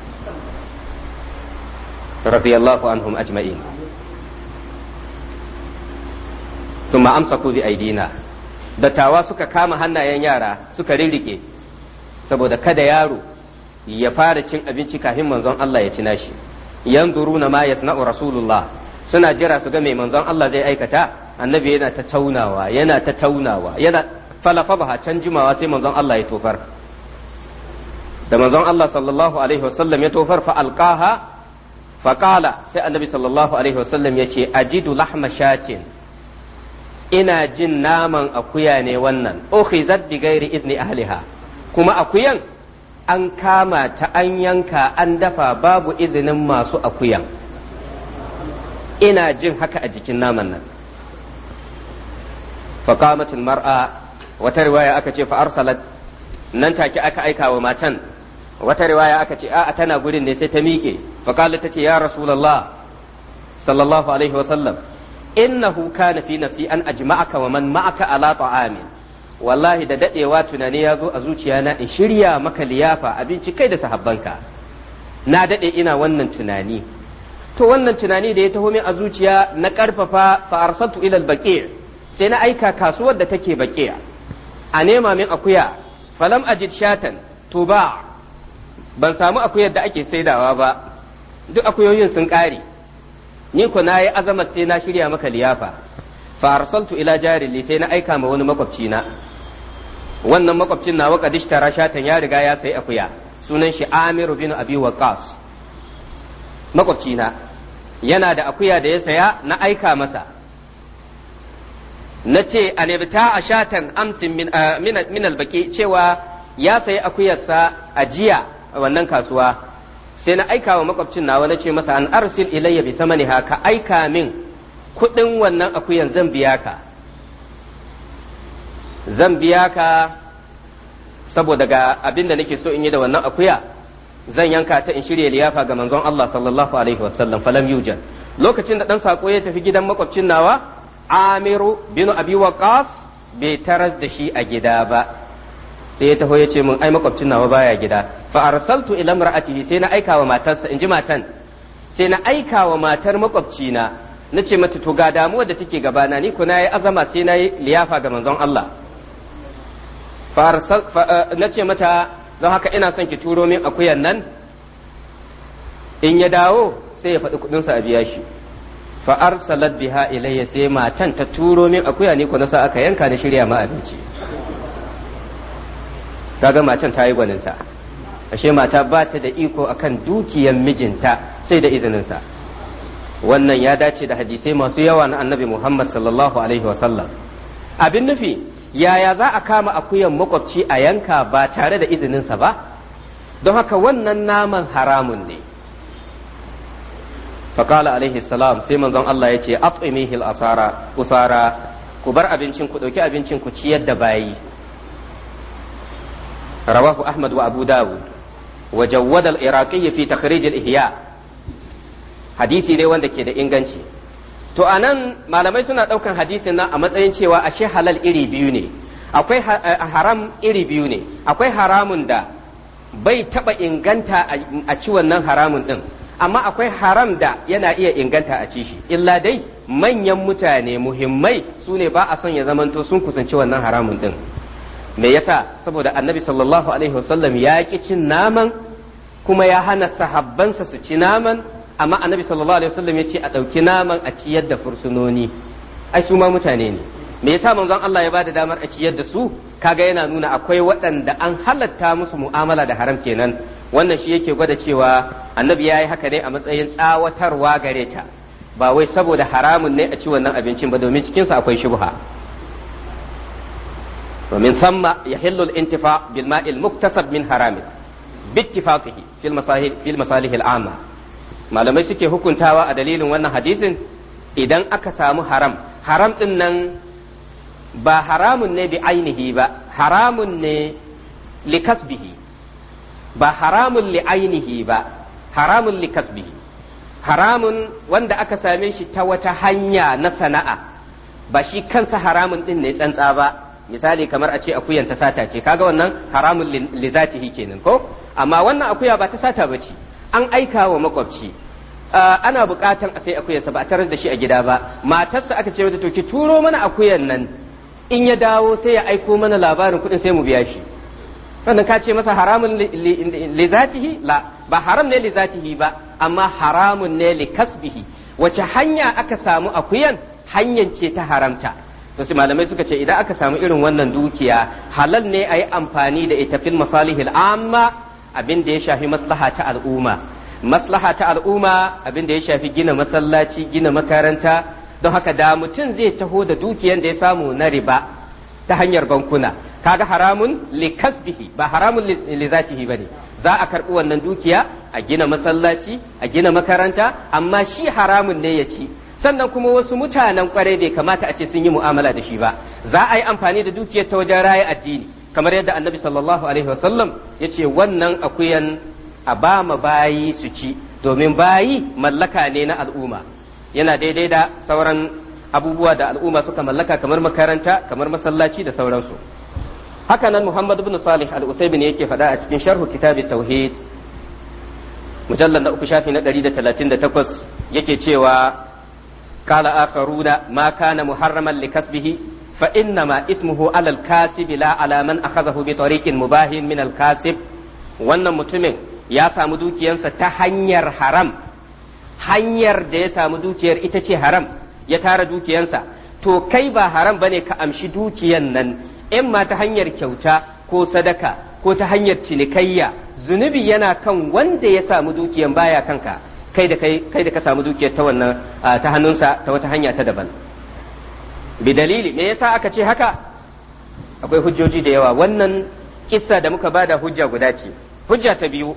radiyallahu anhum ajma'in thumma amsaku bi aidina dattawa suka kama hannayen yara suka rirrike saboda kada yaro ya fara cin abinci kafin manzon Allah ya ci nashi yanzuruna ma yasna'u rasulullah suna jira su ga mai manzon Allah zai aikata annabi yana ta taunawa yana ta taunawa yana falafa ba can jimawa sai manzon Allah ya tofar da manzon Allah sallallahu alaihi wasallam ya tofar fa alqaha faƙala sai annabi sallallahu alaihi wasallam ya ce ajidu lahma shatin ina jin naman akuya ne wannan ukhizat bi ghairi izni ahliha kuma akuyan an kama ta an yanka an dafa babu izinin masu akuyan ina jin haka a jikin naman nan faqamatul mar'a wata riwaya aka ce fa arsalat nan take aka aika wa matan wata riwaya aka ce a'a tana gurin ne sai ta miƙe ta tace ya rasulullah sallallahu alaihi wa sallam innahu kana fi nafsi an ajma'aka wa man ma'aka ala ta'amin wallahi da dadewa tunani ya zo a zuciya na in shirya maka liyafa abinci kai da sahabbanka na dade ina wannan tunani to wannan tunani da ya taho min a zuciya na karfafa fa arsaltu ila al-baqi' sai na aika kasuwar da take baqi'a a nema min akuya falam ajid shatan tuba ban samu akuyar da ake saidawa ba duk akuyoyin sun ƙare ni ko na yi azamar sai na shirya maka liyafa fa arsaltu ila li sai na aika ma wani makwabci na wannan makwabcin na waka dishtara shatan ya riga ya sai akuya sunan shi Amiru bin Abi Waqqas makwabci na yana da akuya da ya saya na aika masa na ce a a shatan amsin ah, min albaki cewa ya sayi akuyarsa a jiya wannan kasuwa sai na aika wa makwabcin nawa na ce masa an arsil ilayya bi samaniha ka aika min kuɗin wannan akuyan zan biya ka zan biya ka saboda ga abinda da nake so in yi da wannan akuya zan yanka ta in shirya liyafa ga manzon Allah sallallahu alaihi wasallam falam yujan lokacin da dan sako ya tafi gidan makwabcin nawa Amiru bin Abi waqas bai taras da shi a gida ba sai ya taho ya ce min ai makwabcin nawa baya gida fa arsaltu ila mar'atihi sai na aika wa matarsa inji matan sai na aika wa matar makwabcina na ce mata to ga damuwa da take gabana ni na yi azama sai na yi liyafa ga manzon Allah eh, na ce mata don haka ina son ki turo min akuyan nan in ya dawo sai ya faɗi kuɗinsa a biya shi fa arsalat biha ilayya sai matan ta turo min akuya ni ko na sa aka yanka ni shirya ma abinci kaga matan ta yi gwaninta ashe mata ba ta da iko akan dukiyar mijinta sai da izininsa wannan ya dace da hadisai masu yawa na annabi muhammad sallallahu alaihi wasallam abin nufi yaya za a kama akuyan makwabci a yanka ba tare da izininsa ba don haka wannan naman haramun ne فقال alaihi salam sai manzon Allah yace at'imihi asara usara ku bar abincin ku ɗauki abincin ku ciyar da bayi رواه ahmad wa abu وجود wa في تخريج iraqi fi takhrij al كده hadisi ne wanda ke da inganci to anan malamai suna ɗaukan hadisin na a matsayin cewa ashe halal iri biyu ne akwai haram iri biyu ne akwai haramun da bai taba inganta a ci wannan haramun din amma akwai haram da yana iya inganta a ci shi illa dai manyan mutane muhimmai su ne ba a son ya zamanto sun kusanci wannan haramun din me yasa saboda annabi sallallahu alaihi wasallam ya ki cin naman kuma ya hana sahabbansa su ci naman amma annabi sallallahu alaihi wasallam ya ce a ɗauki naman a ciyar da fursunoni ai su ma mutane ne me yasa manzon Allah ya bada damar a ciyar da su kaga yana nuna akwai waɗanda an halatta musu mu'amala da haram kenan wannan shi yake gwada cewa annabi ya yi haka ne a matsayin tsawatarwa gare ta ba wai saboda haramun ne a ci wannan abincin ba domin cikinsa akwai shubha ومن ثم يحل الانتفاع بالماء المكتسب من حرام باتفاقه في المصالح في المصالح العامه malamai suke hukuntawa a dalilin wannan hadisin idan aka samu haram haram din nan ba haramun ne bi ainihi ba haramun ne li kasbihi ba haramun li ainihi ba haramun li kasbihi haramun wanda aka same shi ta wata hanya na sana'a ba shi kansa haramun din ne tsantsa ba misali kamar a ce akuyan ta sata ce kaga wannan haramun li kenan ko amma wannan akuya ba ta sata bace an aika wa makwabci ana bukatan a sai akuyarsa ba a tarar da shi a gida ba matarsa aka ce mata to ki turo mana akuyan nan in ya dawo sai ya aiko mana labarin kuɗin sai mu biya shi wannan ka ce masa haramun lizatihi la ba haram ne lizatihi ba amma haramun ne li kasbihi wace hanya aka samu akuyan hanyar ce ta haramta to sai malamai suka ce idan aka samu irin wannan dukiya halal ne a yi amfani da ita fil masalihil amma abin da ya shafi maslaha ta al'umma maslaha ta al'umma abin da ya shafi gina masallaci gina makaranta don haka da mutum zai taho da dukiyan da ya samu na riba ta hanyar bankuna kaga haramun li kasbihi ba haramun li zatihi bane za a karbi wannan dukiya a gina masallaci a gina makaranta amma shi haramun ne ya ci sannan kuma wasu mutanen kwarai bai kamata a ce sun yi mu'amala da shi ba za a yi amfani da dukiyar ta wajen raye addini kamar yadda annabi sallallahu alaihi wasallam ya ce wannan akuyan a ba ma bayi su ci domin bayi mallaka ne na al'umma yana daidai da sauran abubuwa da al'umma suka mallaka kamar makaranta kamar masallaci da sauransu haka nan muhammad ibn salih al ne yake faɗa a cikin sharhu kitabi tauhid mujallar na uku shafi na 138 yake cewa قال آخرون ما كان محرما لكسبه فإنما اسمه على الكاسب لا على من أخذه بطريق مباه من الكاسب wannan mutumin ya samu dukiyansa ta hanyar haram hanyar da ya samu dukiyar ita ce haram ya tara dukiyansa to kai ba haram bane ka amshi dukiyan nan in ma ta hanyar kyauta ko sadaka ko ta hanyar cinikayya zunubi yana kan wanda ya samu dukiyan baya kanka kai da kai kai da ka samu dukiyar ta wannan ta hannunsa ta wata hanya ta daban bi dalili me yasa aka ce haka akwai hujjoji da yawa wannan kissa da muka bada hujja guda ce hujja ta biyu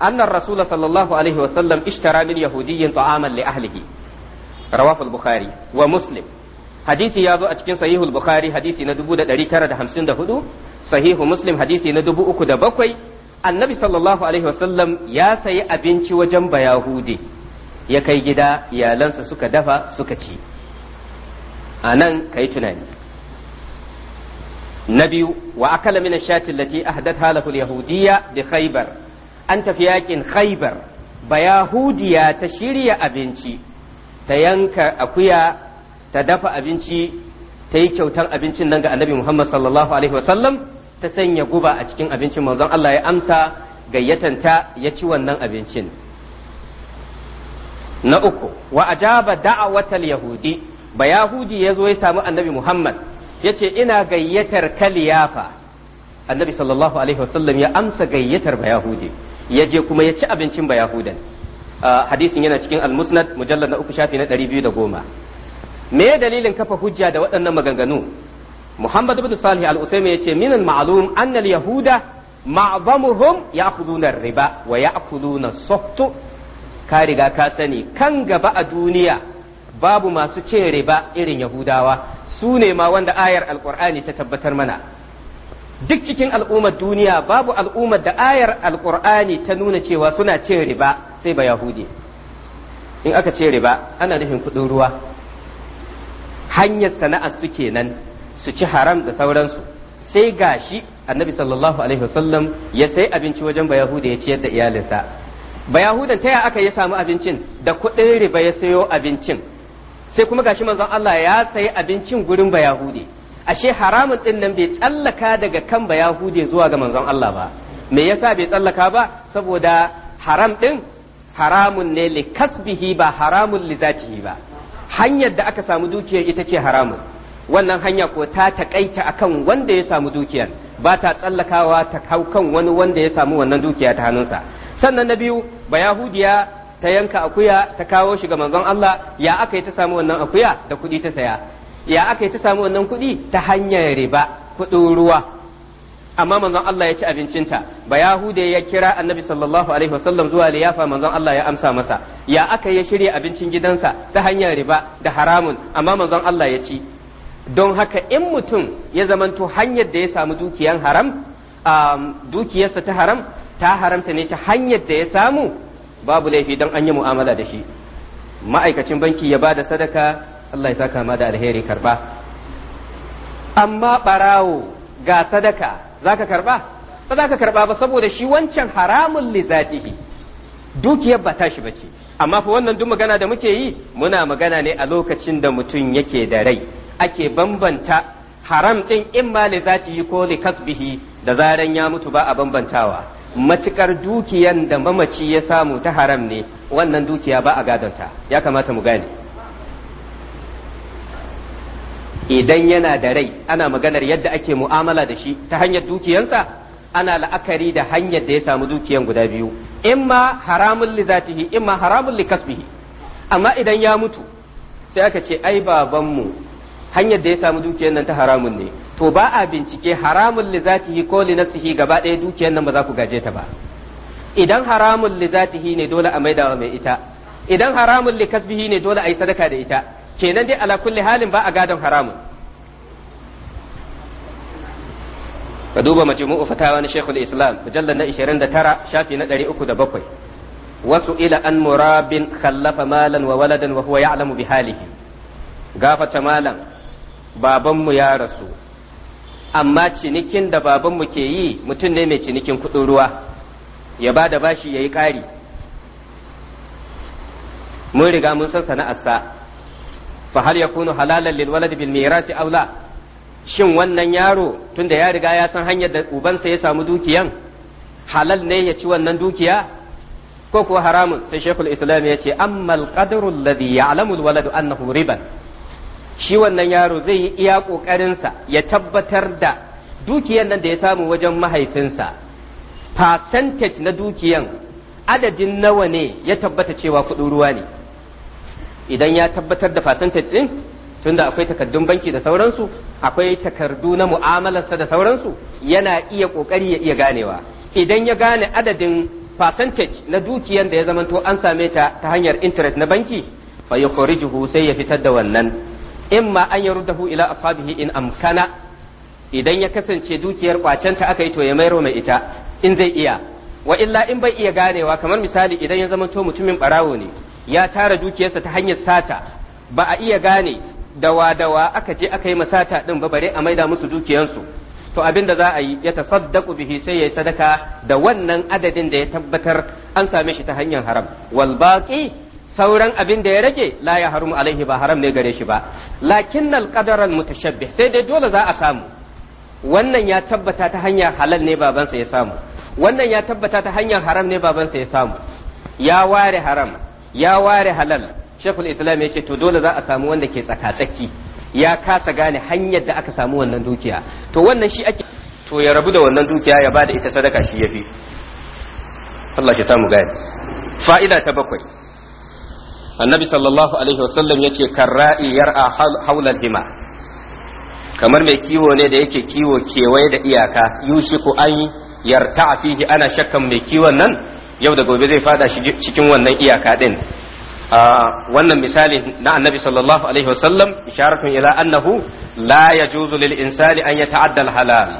anna rasul sallallahu alaihi wasallam ishtara min yahudiyyin ta'aman li ahlihi rawahu al-bukhari wa muslim hadisi ya zo a cikin sahihul bukhari hadisi na 1954 sahihu muslim hadisi na bakwai. annabi sallallahu alaihi wasallam ya sayi abinci wajen bayahude ya kai gida iyalansa suka dafa suka ci a nan ka yi tunani na biyu wa akala min shatin lati ahdat halahul yahudiyya bi khaybar an tafi yakin khaybar bayahudiya ta shirya abinci ta yanka akuya ta dafa abinci ta yi kyautar abincin nan ga annabi muhammad sallallahu alaihi wasallam ta sanya guba a cikin abincin manzon Allah ya amsa gayyatanta ya ci wannan abincin na uku wa ajaba da'awatal yahudi ba yahudi ya zo ya samu annabi muhammad ya ce ina gayyatar kaliyafa annabi sallallahu alaihi wasallam ya amsa gayyatar ba yahudi ya je kuma ya ci abincin ba yahudan hadisin yana cikin almusnad mujallar na uku shafi na ɗari biyu da goma me dalilin kafa hujja da waɗannan maganganu muhammad ibn salih ya ce yace min al-ma'lum anna al-yahuda ma'zamuhum ya'khuduna riba wa ya'khuduna as-suht ka riga ka sani kan gaba a duniya babu masu cin riba irin yahudawa su ne ma wanda ayar alqur'ani ta tabbatar mana duk cikin al'ummar duniya babu al'ummar da ayar alkur'ani ta nuna cewa suna cin riba sai ba yahudi in aka ce riba ana nufin kudin ruwa hanyar sana'ar su kenan su ci haram da sauransu sai gashi annabi sallallahu alaihi wasallam ya sai abinci wajen bayahuda ya ciyar da iyalinsa bayahudan ta ya aka ya samu abincin da kuɗin riba ya sayo abincin sai kuma gashi manzon Allah ya sayi abincin gurin bayahude ashe haramun din nan bai tsallaka daga kan bayahude zuwa ga manzon Allah ba me yasa bai tsallaka ba saboda haram din haramun ne li kasbihi ba haramun li zatihi ba hanyar da aka samu dukiyar ita ce haramun wannan hanya ko ta a akan wanda ya samu dukiyar ba ta tsallakawa ta hau kan wani wanda ya samu wannan dukiya ta hannunsa sannan na biyu ba yahudiya ta yanka akuya ta kawo shi ga manzon Allah ya aka yi ta samu wannan akuya da kuɗi ta saya ya aka yi ta samu wannan kuɗi ta hanyar riba kuɗin ruwa amma manzon Allah ya ci abincinta ba yahude ya kira annabi sallallahu alaihi wasallam zuwa liyafa manzon Allah ya amsa masa ya aka yi shirya abincin gidansa ta hanyar riba da haramun amma manzon Allah ya ci don haka in mutum ya zamanto hanyar da ya samu dukiyan haram dukiyarsa ta haram ta haramta ne ta hanyar da ya samu babu laifi don an yi mu'amala da shi ma'aikacin banki ya ba da sadaka Allah ya sa kama da alheri karba amma barawo ga sadaka za ka karba ba za ka karba ba saboda shi wancan haramun lizatihi dukiyar ba tashi ba ce amma fa wannan duk magana da muke yi muna magana ne a lokacin da mutum yake da rai ake bambanta haram ɗin in ma li zatihi ko li kasbihi da zaran ya mutu ba a bambantawa matukar dukiyan da mamaci ya samu ta haram ne wannan dukiya ba a gadonta ya kamata mu gane idan yana da rai ana maganar yadda ake mu'amala da shi ta hanyar dukiyansa ana la'akari da hanyar da ya samu dukiyan guda biyu in ma haramun li zatihi ma haramun li kasbihi amma idan ya mutu sai aka ce ai babanmu hanyar da ya samu dukiyar nan ta haramun ne to ba a bincike haramun li zatihi ko li nafsihi gaba ɗaya dukiyar nan ba za ku gaje ta ba idan haramun li zatihi ne dole a maida wa mai ita idan haramun li kasbihi ne dole a yi sadaka da ita kenan dai ala kulli halin ba a gadon haramun ka duba majmu'u fatawa na Sheikhul Islam mujallal na 29 shafi na 307 wasu ila an murabin khallafa malan wa waladan wa huwa ya'lamu bi halihi gafata malam babanmu ya rasu amma cinikin da babanmu ke yi mutum ne mai cinikin kuɗin ruwa ya ba da bashi ya yi ƙari mun riga mun san sana'arsa fa ya kunu halalan lil walad bil mirasi aula shin wannan yaro tunda ya riga ya san hanyar da ubansa ya samu dukiyan halal ne ya ci wannan dukiya ko kuwa haramun sai shekul islam ya ce ammal qadru alladhi ya'lamu al walad annahu riban shi wannan yaro zai yi iya ƙoƙarinsa ya tabbatar da dukiyan nan da ya samu wajen mahaifinsa percentage na dukiyan adadin nawa ne ya tabbata cewa kuɗin ruwa ne idan ya tabbatar da percentage ɗin tunda akwai takardun banki da sauransu akwai takardu na mu'amalarsa da sauransu yana iya ƙoƙari ya iya ganewa idan ya gane adadin percentage na dukiyan da ya zamanto an same ta ta hanyar interest na banki fa yukhrijuhu sai ya fitar da wannan imma an yaruddahu ila ashabihi in amkana idan ya kasance dukiyar ta aka yi to ya mayar mai ita in zai iya wa illa in bai iya ganewa kamar misali idan ya zama to mutumin barawo ne ya tara dukiyarsa ta hanyar sata ba a iya gane dawa dawa aka je aka yi masata din ba bare a maida musu dukiyarsu to abin da za a yi ya tasaddaqu bihi sai yi sadaka da wannan adadin da ya tabbatar an same shi ta hanyar haram wal baqi sauran abin da ya rage la ya harumu alaihi ba haram ne gare shi ba lakinnal qadaral mutashabbih sai dai dole za a samu wannan ya tabbata ta hanyar halal ne babansa ya samu wannan ya tabbata ta hanyar haram ne babansa ya samu ya ware haram ya ware halal shekul islam ya ce to dole za a samu wanda ke tsakatsaki ya kasa gane hanyar da aka samu wannan dukiya to wannan shi ake to ya rabu da wannan dukiya ya bada ita sadaka shi yafi Allah ya samu gani fa'ida ta bakwai annabi sallallahu alaihi wasallam yace karra'i yar'a haulal hima kamar mai kiwo ne da yake kiwo kewaye da iyaka yushiku an yarta fihi ana shakkan mai kiwon nan yau da gobe zai fada cikin wannan iyaka din wannan misali na annabi sallallahu alaihi wasallam isharatun ila annahu la yajuzu lil insani an ya al halal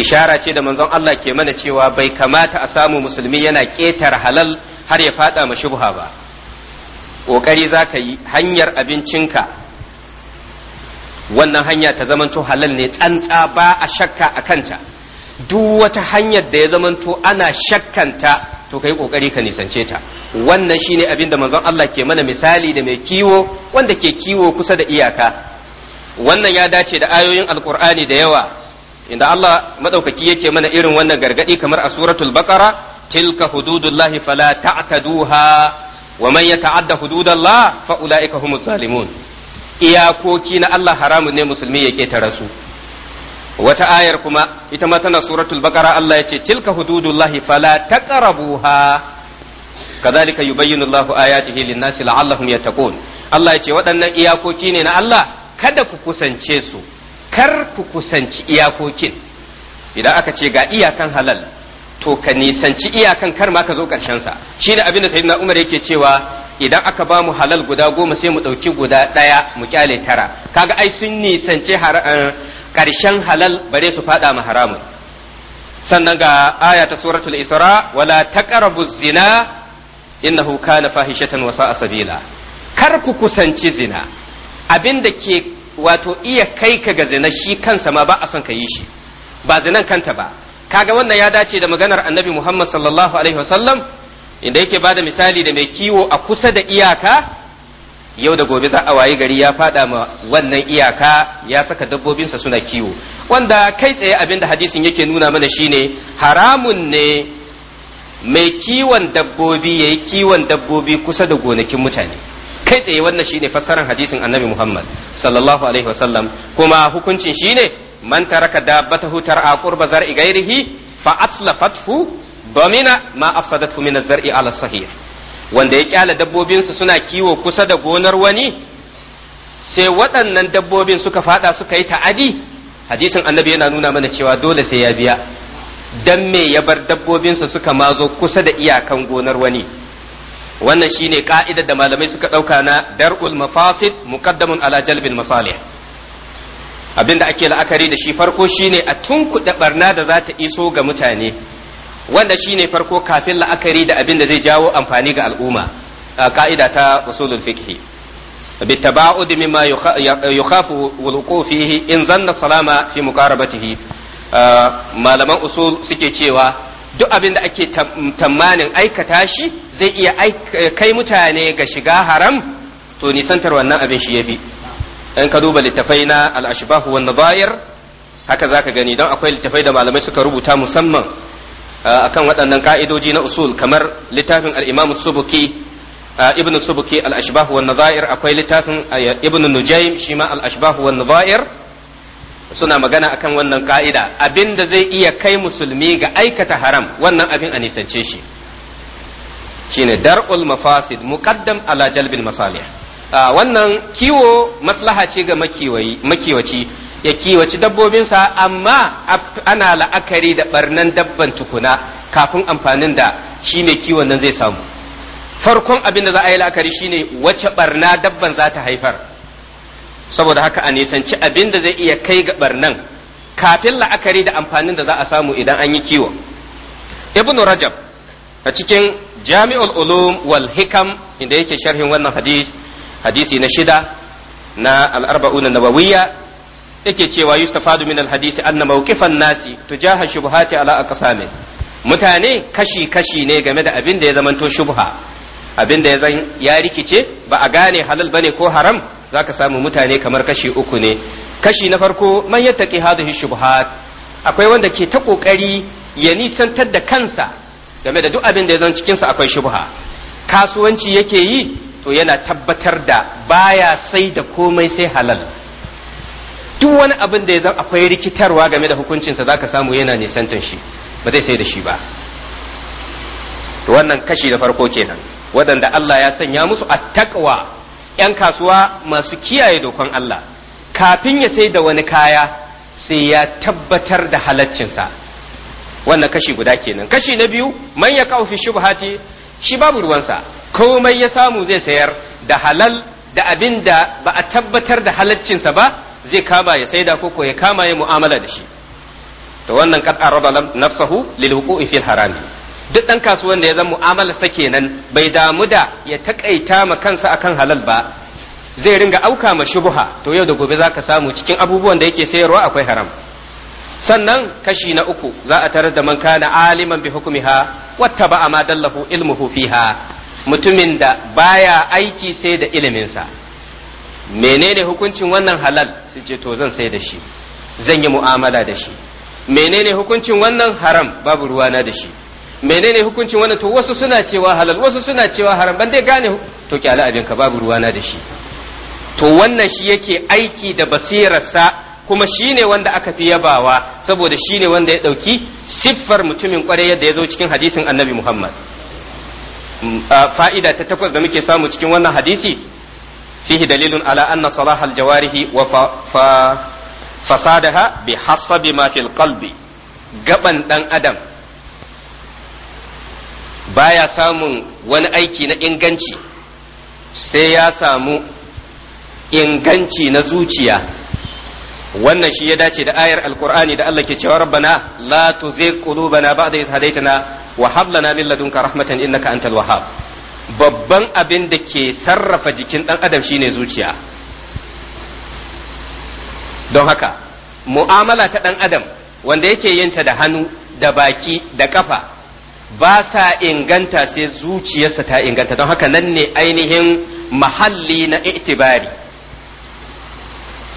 ishara ce da manzon Allah ke mana cewa bai kamata a samu musulmi yana ketar halal har ya fada ma shubha ba ƙoƙari za ka yi hanyar abincinka wannan hanya ta zamanto halal ne tsantsa ba a shakka a kanta duk wata hanyar da ya zamanto ana shakkanta to ka yi ƙoƙari ka nisance ta wannan shine abin da manzon Allah ke mana misali da mai kiwo wanda ke kiwo kusa da iyaka wannan ya dace da ayoyin alƙur'ani da yawa inda Allah madaukaki yake mana irin wannan gargadi kamar a suratul baqara tilka hududullahi fala ta'taduha wa man yata'adda hududallah fa ulaika humuz zalimun iyakoki na Allah haramun ne musulmi ya ta rasu. wata ayar kuma ita ma tana suratul baqara Allah ya ce tilka hududullahi fala taqrabuha kadhalika yubayyinu Allahu ayatihi lin-nasi la'allahum yattaqun Allah ya ce waɗannan iyakoki ne na Allah kada ku kusance su kar ku kusanci iyakokin idan aka ce ga iyakan halal to ka nisanci iyakan kar ma ka zo karshen sa shine abinda abinda sayyidina Umar yake cewa idan aka ba mu halal guda goma sai mu ɗauki guda ɗaya mu kyale tara kaga ai sun nisanci karshen eh, halal bare su faɗa ma haramun sannan ga aya ta suratul isra wala taqrabu zina innahu kana fahishatan wa sa'a sabila kar ku kusanci zina abinda ke wato iya kai ka ga zina shi kansa ma ba a son ka yi shi ba zinan kanta ba kaga wannan ya dace da maganar annabi Muhammad sallallahu alaihi wasallam inda yake bada misali da mai kiwo a kusa da iyaka yau da gobe za a wayi gari ya fada ma wannan iyaka ya saka dabbobinsa suna kiwo wanda kai tsaye abinda hadisin yake nuna mana shine haramun ne mai kiwon dabbobi yayi kiwon dabbobi kusa da gonakin mutane kai tsaye wannan shine fassarar hadisin annabi Muhammad sallallahu alaihi wasallam kuma hukuncin shine man taraka hutar a qurba zar'i gairihi fa atlafathu bamina ma afsadathu min az-zar'i ala sahih wanda ya kyala dabbobinsa suna kiwo kusa da gonar wani sai waɗannan dabbobin suka fada suka yi ta'adi hadisin annabi yana nuna mana cewa dole sai ya biya dan me ya bar dabbobinsa suka mazo kusa da iyakan gonar wani wannan shine ka'idar da malamai suka ɗauka na dar'ul mafasid muqaddamun ala jalbil masalih abinda ake la'akari da shi farko shine a tunkuɗe barna da za ta iso ga mutane wanda shine farko kafin la'akari da abinda zai jawo amfani ga al'umma ka'ida ta usulul fiqh بالتباعد مما يخاف والوقوع فيه in zanna salama fi muqarabatihi malaman usul suke cewa duk abin da ake tamanin aikata shi zai iya kai mutane ga shiga haram to nisantar wannan abin shi yafi in ka duba littafai na al-ashbahu wan haka zaka gani don akwai littafai da malamai suka rubuta musamman akan waɗannan ka'idoji na usul kamar littafin al-imam subuki ibn subuki al-ashbahu wan nadha'ir akwai littafin ibn nujaym shi ma al-ashbahu suna magana akan wannan ka'ida abin da zai iya kai musulmi ga aikata haram wannan abin a nisance shi shine dar'ul mafasid muqaddam ala jalbil masalih wannan kiwo maslaha ce ga makiwaci ya kiwaci dabbobinsa amma ana la'akari da barnan dabban tukuna kafin amfanin da shi ne kiwon nan zai samu farkon abin da za a yi la'akari shine wace barna dabban za ta haifar saboda haka a nisanci abin da zai iya kai ga barnan kafin la'akari da amfanin da za a samu idan an yi kiwo Ibn rajab a cikin jami'ul ulum wal hikam inda yake sharhin wannan hadis hadisi na shida na al-arba'un nawawiyya yake cewa yustafadu min al-hadisi anna mawqifan nasi tujaha shubuhati ala aqsami mutane kashi kashi ne game da abin da ya zamanto shubha abin da ya zan ya rikice ba a gane halal bane ko haram zaka samu mutane kamar kashi uku ne kashi na farko man yattaqi hadhihi shubuhat akwai wanda ke ta kokari ya nisantar da kansa game da duk abin da ya zan cikinsa akwai shubha kasuwanci yake yi to yana tabbatar da baya sai da komai sai halal duk wani abin da ya zama akwai rikitarwa game da hukuncinsa zaka samu yana nisantar shi ba zai sai da shi ba to wannan kashi da farko kenan waɗanda Allah ya sanya musu a attaqwa ‘yan kasuwa masu kiyaye dokon Allah kafin ya sai da wani kaya sai ya tabbatar da halaccinsa wannan kashi guda kenan kashi na biyu man ya kawo fi shi babu ruwansa komai ya samu zai sayar da halal da abin da ba a tabbatar da halaccinsa ba zai kama ya saida ko ya kama ya mu'amala da shi to wannan kad arada nafsahu lil wuqu'i fil haram duk dan kasuwan da ya zama mu'amala sa kenan bai damu da ya takaita ma kansa akan halal ba zai ringa auka ma shubha to yau da gobe zaka samu cikin abubuwan da yake sayarwa akwai haram sannan kashi na uku za a tarar da man kana aliman bi hukumiha wattaba ma dallahu ilmuhu fiha mutumin da baya aiki sai da iliminsa menene hukuncin wannan halal su ce to zan sai da shi zan yi mu'amala da shi menene hukuncin wannan haram babu ruwana da shi menene hukuncin wannan to wasu suna cewa halal wasu suna cewa haram ban dai gane to kyale abin ka babu ruwana da shi to wannan shi yake aiki da basirarsa kuma shi ne wanda aka fi yabawa saboda shi ne wanda ya ɗauki siffar mutumin kware yadda ya zo cikin hadisin annabi muhammad fa'ida ta takwas da muke samu cikin wannan hadisi fihi dalilun ala anna salah aljawarihi wa fasadaha bi hasabi ma fil qalbi gaban dan adam baya samun wani aiki na inganci sai ya samu inganci na zuciya wannan shi ya dace da ayar alkur'ani da Allah ke cewa rabbana la tuzigh qulubana ba'da idh hadaytana wa hablana min ladunka rahmatan innaka antal wahhab babban abin da ke sarrafa jikin dan adam shine zuciya don haka mu'amala ta dan adam wanda yake yin ta da hannu da baki da ƙafa ba sa inganta sai zuciyarsa ta inganta don haka nan ne ainihin mahalli na itibari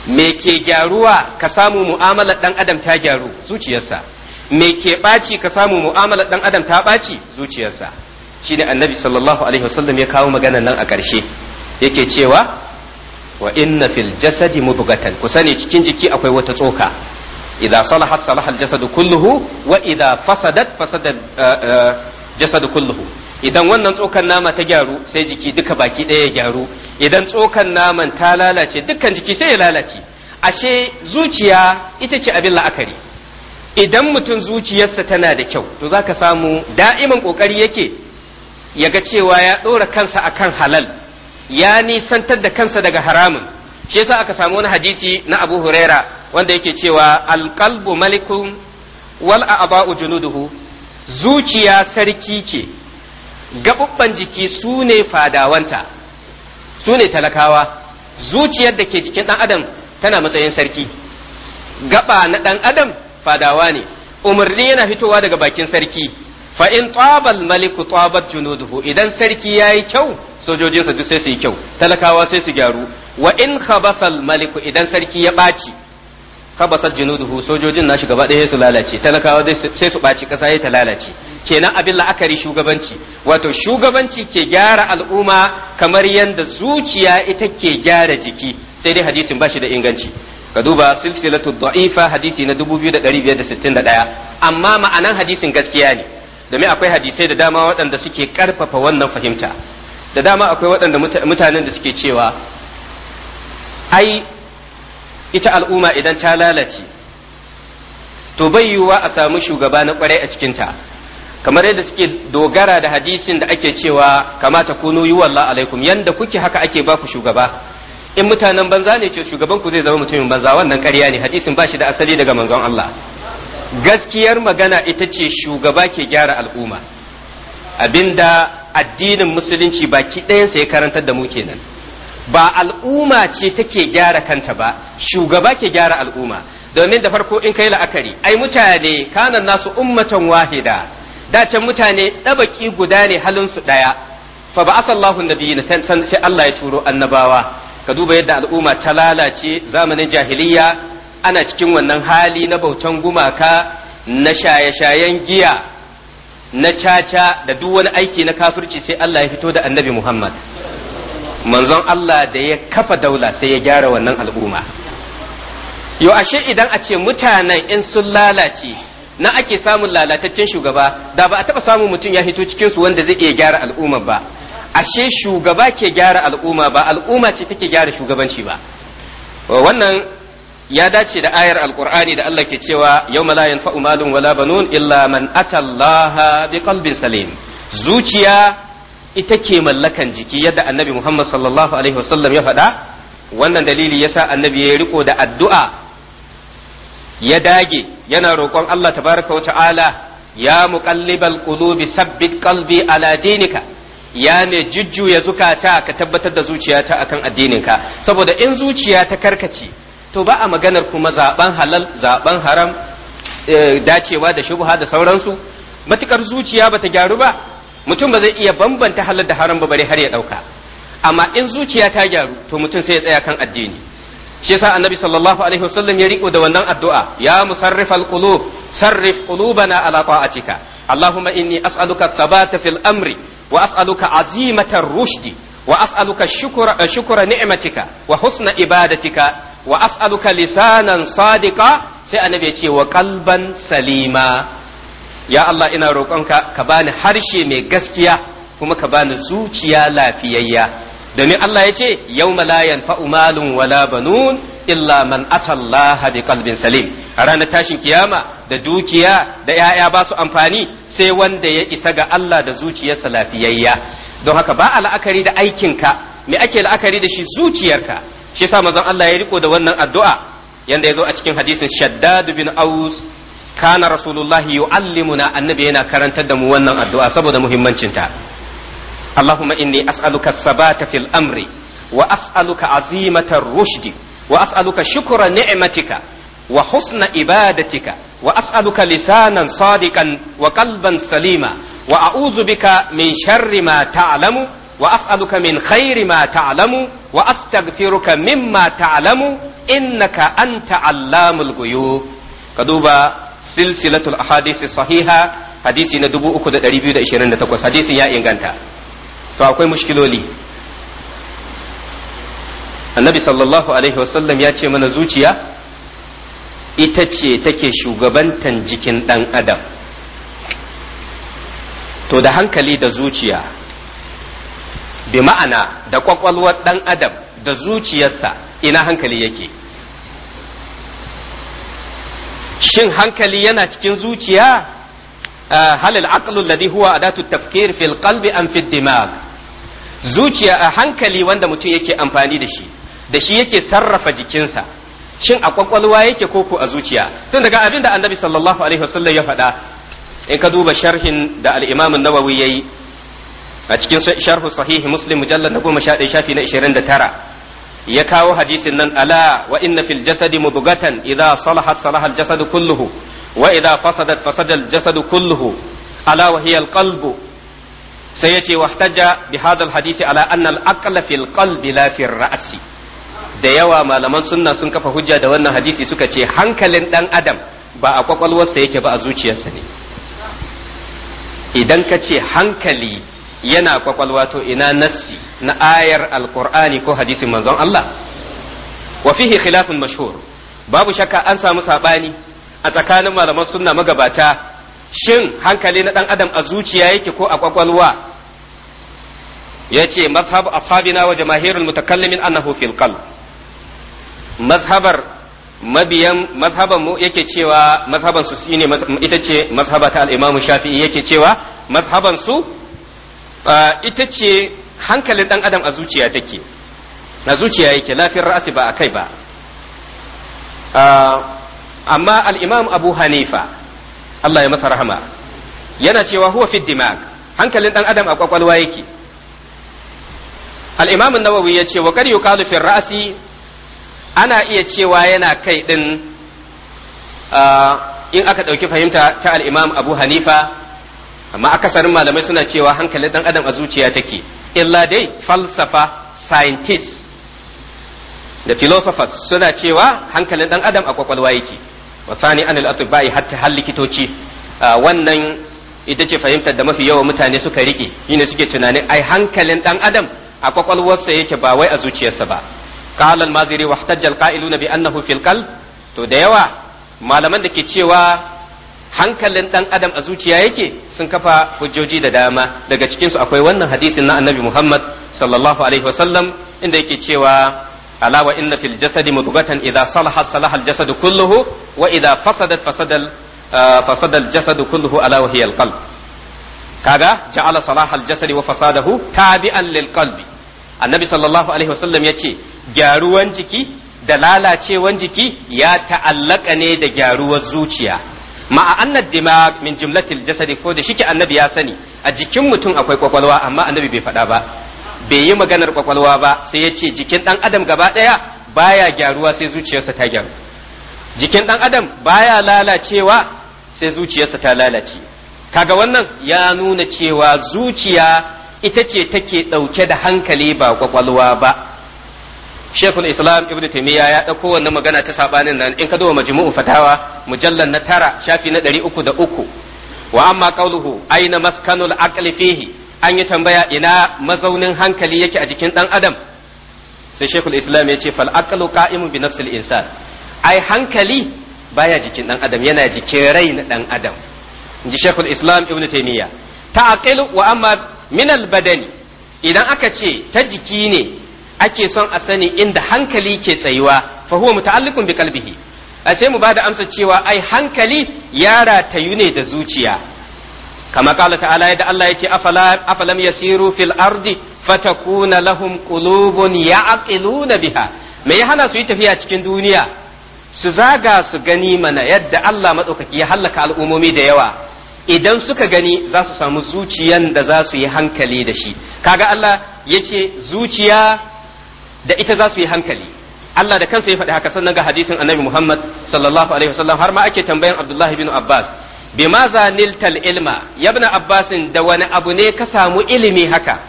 me ke gyaruwa ka samu mu'amalar ɗan adam ta gyaru zuciyarsa me ke ɓaci ka samu mu'amalar ɗan adam ta baci zuciyarsa shi ne annabi sallallahu alaihi wasallam ya kawo magana nan a ƙarshe yake cewa wa inna fil jasadi mudghatan ku sani cikin jiki akwai wata tsoka idza salahat salahal jasadu kulluhu wa idza fasadat fasadat eh, eh, jasadu kulluhu idan wannan tsokan nama ta gyaru sai jiki duka baki ɗaya ya gyaru idan tsokan naman ta lalace dukkan jiki sai ya lalace ashe zuciya ita ce abin la'akari idan mutum zuciyarsa tana da kyau to za ka samu da'iman ƙoƙari yake ya ga cewa ya ɗora kansa a kan halal ya nisantar da kansa daga haramun shi yasa aka samu wani hadisi na abu huraira wanda yake cewa alƙalbu malikun wal a'ba'u junuduhu zuciya sarki ce gaɓuɓɓan jiki su ne fadawanta su ne talakawa zuciyar da ke jikin ɗan adam tana matsayin sarki gaɓa na ɗan adam fadawa ne umarni yana fitowa daga bakin sarki fa in tabal maliku tabat junuduhu idan sarki yayi kyau sojojinsa duk sai su yi kyau talakawa sai su gyaru wa in khabasal maliku idan sarki ya baci kabasat junuduhu sojojin nashi gaba ɗaya su lalace talakawa sai su baci kasa ya ta lalace kenan abin la'akari shugabanci wato shugabanci ke gyara al'umma kamar yadda zuciya ita ke gyara jiki sai dai hadisin ba shi da inganci ka duba silsilatu da'ifa hadisi na 2561 amma ma'anan hadisin gaskiya ne domin akwai hadisai da dama waɗanda suke ƙarfafa wannan fahimta da dama akwai waɗanda mutanen da suke cewa ai ita al'umma idan ta lalace to bai yiwuwa a samu shugaba na kwarai a cikinta kamar yadda suke dogara da hadisin da ake cewa kamata kunu yi wallah alaikum yanda kuke haka ake baku shugaba in mutanen banza ne ce shugaban ku zai zama mutumin banza wannan ƙarya ne hadisin ba shi da asali daga manzon Allah gaskiyar magana ita ce shugaba ke gyara al'umma abinda addinin musulunci baki ɗayansa ya karantar da mu kenan ba al'umma ce take gyara kanta ba shugaba ke gyara al'umma domin da farko in kai la'akari ai mutane kanan nasu ummatan wahida dacen mutane ɗabaki guda ne halinsu ɗaya fa ba asallahu nabiyina sai Allah ya turo annabawa ka duba yadda al'umma ta lalace zamanin jahiliya ana cikin wannan hali na bautan gumaka na shaye-shayen giya na caca da duk wani aiki na kafirci sai Allah ya fito da annabi Muhammad manzon Allah da ya kafa daula sai ya gyara wannan al'umma yo ashe idan a ce mutanen in sun lalace na ake samun lalataccen shugaba da ba a taɓa samun mutum ya hito cikinsu wanda zai iya gyara al'umma ba ashe shugaba ke gyara al'umma ba al'umma ce take gyara shugabanci ba wannan ya dace da ayar alqur'ani da Allah ke cewa yawma la yanfa'u malun wala banun illa man atallaha biqalbin salim zuciya ita ke mallakan jiki yadda annabi Muhammad sallallahu alaihi wasallam ya faɗa wannan dalili yasa annabi ya riko da addu'a ya dage yana roƙon Allah tabaraka wa ta'ala ya muqallibal qulubi sabbit qalbi ala dinika ya ne jujjuya zukata ka tabbatar da zuciyata akan addininka saboda in zuciya ta karkace to ba a maganar kuma zaben halal zaben haram eh, dacewa da shubha da sauransu matukar zuciya bata gyaru ba mutum ba zai iya bambanta halal da haram ba bare har ya dauka amma in zuciya ta gyaru to mutum sai ya tsaya kan addini shi yasa annabi sallallahu alaihi wasallam ya riko da wannan addu'a ya musarrifal qulub sarrif qulubana ala ta'atika allahumma inni as'aluka thabata fil amri wa as'aluka azimata rushdi wa as'aluka shukra eh, shukra ni'matika wa husna ibadatika wa as'aluka lisanan sadiqa sai annabi ya ce wa qalban salima ya allah ina roƙonka ka bani harshe mai gaskiya kuma ka bani zuciya lafiyayya ni Allah ya ce yau la yanfa'u wala banun illa man atallaha bi kalbin salim a ranar tashin kiyama da dukiya da ‘ya'ya ba su amfani sai wanda ya isa ga Allah da zuciyarsa lafiyayya don haka ba a la'akari da aikinka me ake la'akari da shi zuciyarka shi yasa mazan Allah ya riko da wannan addu'a yanda ya zo a cikin hadisin shaddad bin aus kana rasulullahi yu'allimuna annabi yana karantar da mu wannan addu'a saboda muhimmancinta اللهم إني أسألك الثبات في الأمر وأسألك عزيمة الرشد وأسألك شكر نعمتك وحسن عبادتك وأسألك لسانا صادقا وقلبا سليما وأعوذ بك من شر ما تعلم وأسألك من خير ما تعلم وأستغفرك مما تعلم إنك أنت علام الغيوب كدوبا سلسلة الأحاديث الصحيحة hadisi na 3,228 hadisin ya inganta to akwai mushkiloli annabi sallallahu alaihi wasallam ya ce mana zuciya ita ce take shugabantan jikin ɗan adam to da hankali da zuciya bi ma'ana da ƙwaƙwalwar ɗan adam da zuciyarsa ina hankali yake shin hankali yana cikin zuciya ah, halil aqlu alladhi huwa adatu tafkir fil qalbi am fid dimag zuciya a hankali wanda mutum yake amfani da shi da shi yake sarrafa jikinsa shin a kwakwalwa yake koko a zuciya tun daga abin da annabi sallallahu alaihi wasallam ya faɗa in ka duba sharhin da al-imam an-nawawi yayi a cikin sharhu sahih muslim mujallad na goma sha ɗaya shafi na ishirin da tara ya kawo hadisin nan ala wa inna fil jasadi mudghatan idza salahat salaha al-jasadu kulluhu wa idza fasadat fasada al-jasadu kulluhu ala wa hiya al-qalbu sai yace wahtaja bi hadal hadisi ala annal al aqla fil qalbi la fil ra'si da yawa malaman sunna sun kafa hujja da wannan hadisi suka ce hankalin dan adam ba a kwakwalwarsa yake ba a zuciyarsa ne idan ka ce hankali yana kwakwalwa to ina nassi na ayar alƙur'ani ko hadisin manzon Allah wa fihi khilafun mashhur babu shakka an samu sabani a tsakanin malaman sunna magabata shin hankali na ɗan adam a zuciya yake ko a ƙwaƙwalwa ya ce mazhabu ashabina wa jamahirul mutakallimin annahu fil qalb mazhabar mabiyan mazhaban mu yake cewa mazhaban su shine ita ce mazhaba ta al-Imam Shafi'i yake cewa mazhaban su ita ce hankalin dan adam a zuciya take a zuciya yake lafiyar ra'asi ba a kai ba amma al-Imam Abu Hanifa Allah ya masa rahama yana cewa huwa fi dimag hankalin dan adam a kwakwalwa yake al-imam an-nawawi ce wa kar yuqalu fi ra'si ana iya cewa yana kai din ah, in aka dauki fahimta ta al-imam Abu Hanifa amma akasarin malamai suna cewa hankalin dan adam a zuciya take illa dai falsafa scientists da philosophers suna cewa hankalin dan adam a kwakwalwa yake wa anil atiba'i hatta hal likitoci ah, wannan ita ce fahimtar da mafi yawa mutane suka rike shine suke tunanin ai hankalin dan adam a kwakwalwarsa yake ba wai a zuciyarsa ba qala al-maziri wa ihtajja al-qa'iluna bi annahu fil qalb to da yawa malaman da ke cewa hankalin dan adam a zuciya yake sun kafa hujjoji da dama daga cikinsu akwai wannan hadisin na annabi muhammad sallallahu alaihi wasallam inda yake cewa Alawa wa inna fil jasadi mudghatan idza salaha salaha al jasadu kulluhu wa idza fasadat fasadal fasadal jasadu kulluhu ala wa hiya al qalb kaga ja'ala salaha al jasadi wa fasadahu tabi'an lil annabi sallallahu alaihi wasallam yace gyaruwan jiki da lalacewar jiki ya ta'allaka ne da gyaruwar zuciya ma'a annad dima min jumlatil jasadi ko da shike annabi ya sani a jikin mutum akwai kwakwalwa amma annabi bai faɗa ba bai yi maganar kwakwalwa ba sai ya ce jikin ɗan adam gaba ɗaya baya gyaruwa sai zuciyarsa ta gyaru jikin ɗan adam baya lalacewa sai zuciyarsa ta lalace kaga wannan ya nuna cewa zuciya ita ce take ɗauke da hankali ba kwakwalwa ba shekul islam ibn taimiyya ya ɗauko wannan magana ta saɓanin nan in ka zo majmu'u fatawa mujallar na tara shafi na ɗari uku da uku wa amma qauluhu aina maskanul aqli fihi an yi tambaya ina mazaunin hankali yake a jikin ɗan adam sai shekul islam ya ce fal aqlu qa'imun bi nafsil insan ai hankali baya jikin dan adam yana jikin rai na ɗan adam inji shekul islam ibnu taymiya aqilu wa amma min badani idan aka ce ta jiki ne ake son a sani inda hankali ke tsayuwa fa huwa muta'alliqun bi qalbihi a sai mu bada amsa cewa ai hankali ya ratayu ne da zuciya kama kala ta'ala yadda Allah ya ce afalam yasiru fil ardi fatakuna lahum qulubun ya'qiluna biha me ya hana su yi tafiya cikin duniya su zaga su gani mana yadda Allah madaukaki ya halaka al'umomi da yawa idan suka gani za su samu zuciyan da za su yi hankali da shi kaga Allah ya ce zuciya da ita za su yi hankali Allah da kansa ya faɗi haka sannan ga hadisin annabi Muhammad sallallahu alaihi wasallam har ma ake tambayar Abdullahi bin Abbas bimaza niltal ilma yabna abbasin da wani abu ne ka samu ilimi haka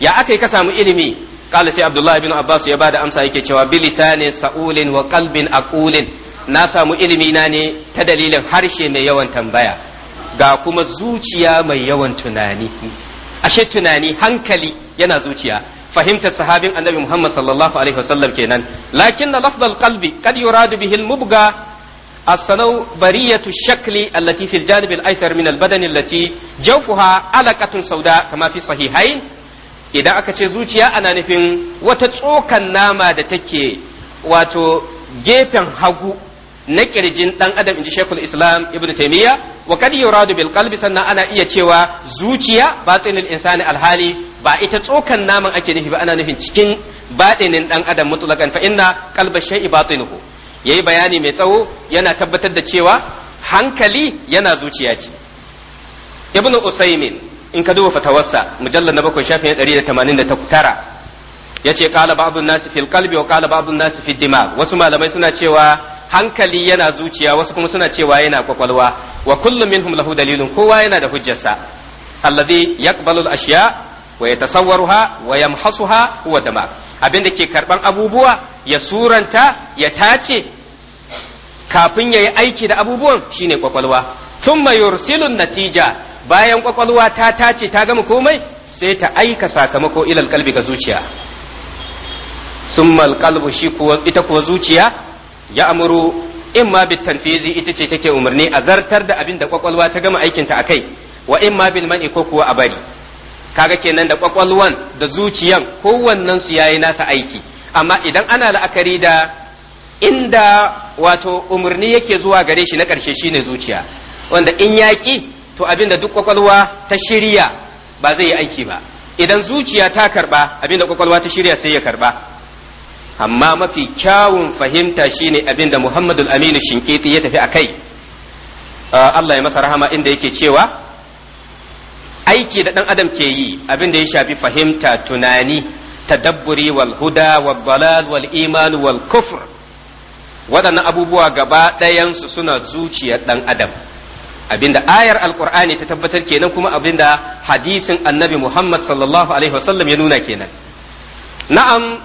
ya aka yi ka samu ilimi kala sai abdullahi bin abbas ya bada amsa yake cewa bilisanin sa'ulin wa qalbin aqulin na samu ilimi na ne ta dalilin harshe mai yawan tambaya ga kuma zuciya mai yawan tunani ashe tunani hankali yana zuciya fahimtar sahabin annabi muhammad sallallahu alaihi wasallam kenan lakin na lafdal qalbi kad yuradu bihi al buga. السنو برية الشكل التي في الجانب الأيسر من البدن التي جوفها علقة سوداء كما في صحيحين إذا أكتش زوجيا أنا نفين وتتسوك النامة تكي واتو جيبن hagu na ƙirjin dan adam inji shekul islam ibn taimiyya wa kad yuradu bil sannan ana iya cewa zuciya batinul insani alhali ba ita tsokan naman ake nufi ba ana nufin cikin batinin dan adam mutlaqan inna kalba sha'i batinuhu yayi bayani mai tsawo yana tabbatar da cewa hankali yana zuciya ce ibnu usaymin in ka duba fatawarsa mujallar na bakwai shafin 189 yace qala ba'dun nasi fil qalbi wa qala ba'dun nasi fid dimag wasu malamai suna cewa hankali yana zuciya wasu kuma suna cewa yana kwakwalwa wa kullum minhum lahu dalilun kowa yana da hujjarsa alladhi yaqbalu al-ashya wa yatasawwaruha wa yamhasuha huwa dimag abinda ke karban abubuwa ya suranta ya tace kafin ya yi aiki da abubuwan shine kwakwalwa thumma yursilun natija bayan kwakwalwa ta tace ta gama komai sai ta aika sakamako ilal kalbi ga zuciya summal kalbu shi kuwa ita kuwa zuciya ya amuru in ma bit tanfizi ita ce take umarni a zartar da abin da kwakwalwa ta gama aikinta akai wa in ma bil man'i ko kuwa a bari kaga kenan da kwakwalwan da zuciyan kowannansu su yayi nasa aiki amma idan ana la'akari da inda wato umarni yake zuwa gare shi na ƙarshe shine zuciya wanda in yaƙi to abin da duk kwakwalwa ta shirya ba zai yi aiki ba idan zuciya ta karba abin da kwakwalwa ta shirya sai ya karba amma mafi kyawun fahimta shine abin da Muhammadul Aminu Shinkiti ya tafi a kai uh, Allah ya masa rahama inda yake cewa aiki da ɗan adam ke yi abin da ya shafi fahimta tunani tadabburi wal huda wal dalal wal iman wal kufr waɗannan abubuwa gaba ɗayansu suna zuciyar ɗan adam abinda ayar alkur'ani ta tabbatar kenan kuma abinda hadisin annabi muhammad sallallahu alaihi wasallam ya nuna kenan na'am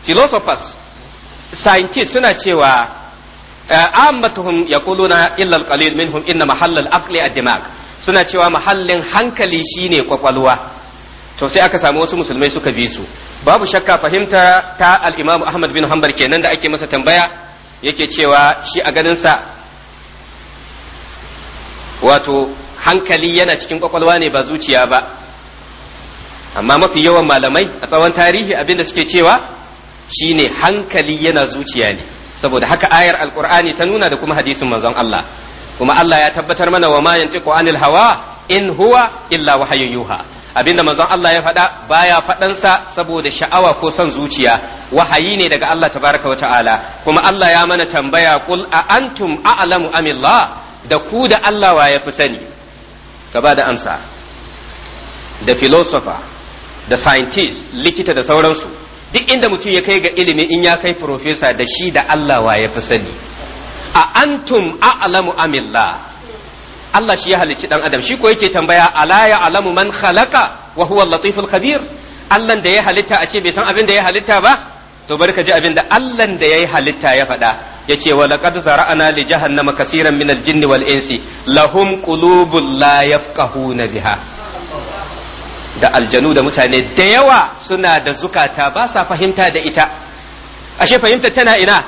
philosophers scientists suna cewa ammatuhum yaquluna illa alqalil minhum inna mahallal aqli ad-dimag suna cewa mahallin hankali shine kwakwalwa to sai aka samu wasu musulmai suka bi su babu shakka fahimta ta al-Imam Ahmad bin Hanbal kenan da ake masa tambaya yake cewa shi a ganin sa wato hankali yana cikin kwakwalwa ne ba zuciya ba amma mafi yawan malamai a tsawon tarihi abinda suke cewa shine hankali yana zuciya ne saboda haka ayar alkur'ani ta nuna da kuma hadisin manzon Allah kuma Allah ya tabbatar mana wa ma yantiqu anil hawa in huwa illa wahayun yuha abinda manzon Allah ya faɗa baya faɗansa saboda sha'awa ko son zuciya wahayi ne daga Allah tabaraka wa ta'ala kuma Allah ya mana tambaya qul a antum a'lamu amillah da ku da Allah wa ya fi sani gaba da amsa da philosopher da scientist likita da sauransu duk inda mutum ya kai ga ilimi in ya kai professor da shi da Allah wa ya fi sani a antum a'lamu amillah Allah shi ya halicci dan adam shi ko yake tambaya ala ya alamu man khalaqa wa huwa latiful khabir Allah da ya halitta a ce bai san abin da ya halitta ba to bari ka ji abin da Allah da ya halitta ya faɗa yace wa laqad zara'ana li jahannama kaseeran min al-jinni wal insi lahum qulubun la yafqahuna biha da aljanu da mutane da yawa suna da zukata ba sa fahimta da ita ashe fahimta tana ina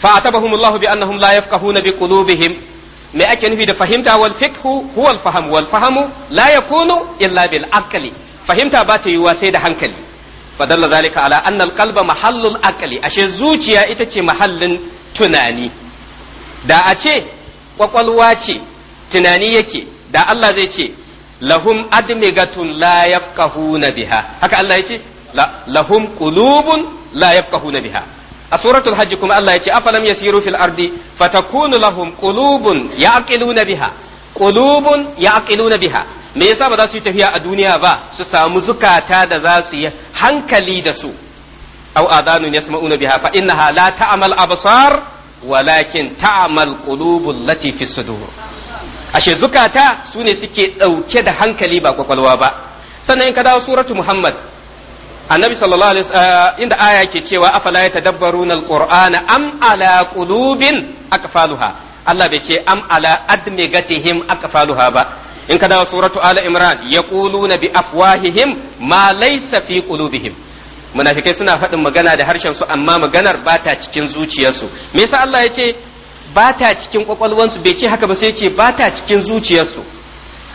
fa atabahum bi annahum la yafqahuna bi qulubihim me ake nufi da fahimta wal fiqhu huwa al fahm wal fahamu la yakunu illa bil aqli fahimta ba ta yiwuwa sai da hankali fadalla zalika ala anna al qalba mahallul aqli ashe zuciya ita ce mahallin tunani da a ce kwakwalwa ce tunani yake da Allah zai ce lahum admigatun la yafqahuna biha haka Allah ya ce lahum qulubun la yafqahuna biha a suratul hajji kuma Allah ya ce afalam yasiru fil ardi fatakunu lahum qulubun yaqiluna biha qulubun yaqiluna biha me yasa ba za su yi tafiya a duniya ba su samu zukata da za su yi hankali da su aw adanun yasma'una biha fa innaha la ta'mal absar walakin ta'mal qulubul lati fi sudur ashe zukata su ne suke dauke da hankali ba kwakwalwa ba sannan in ka dawo suratu muhammad annabi sallallahu alaihi wasallam eh, inda aya ke cewa afala tadabbaruna alqur'ana am ala qulubin akfaluha Allah bai ce am ala admigatihim akfaluha ba in ka dawo suratu ala imran yaquluna bi afwahihim ma laysa fi qulubihim munafikai suna faɗin magana da harshen su amma maganar ba ta cikin zuciyarsu me yasa Allah ya ce ba ta cikin kwakwalwansu bai ce haka ba sai ce ba ta cikin zuciyarsu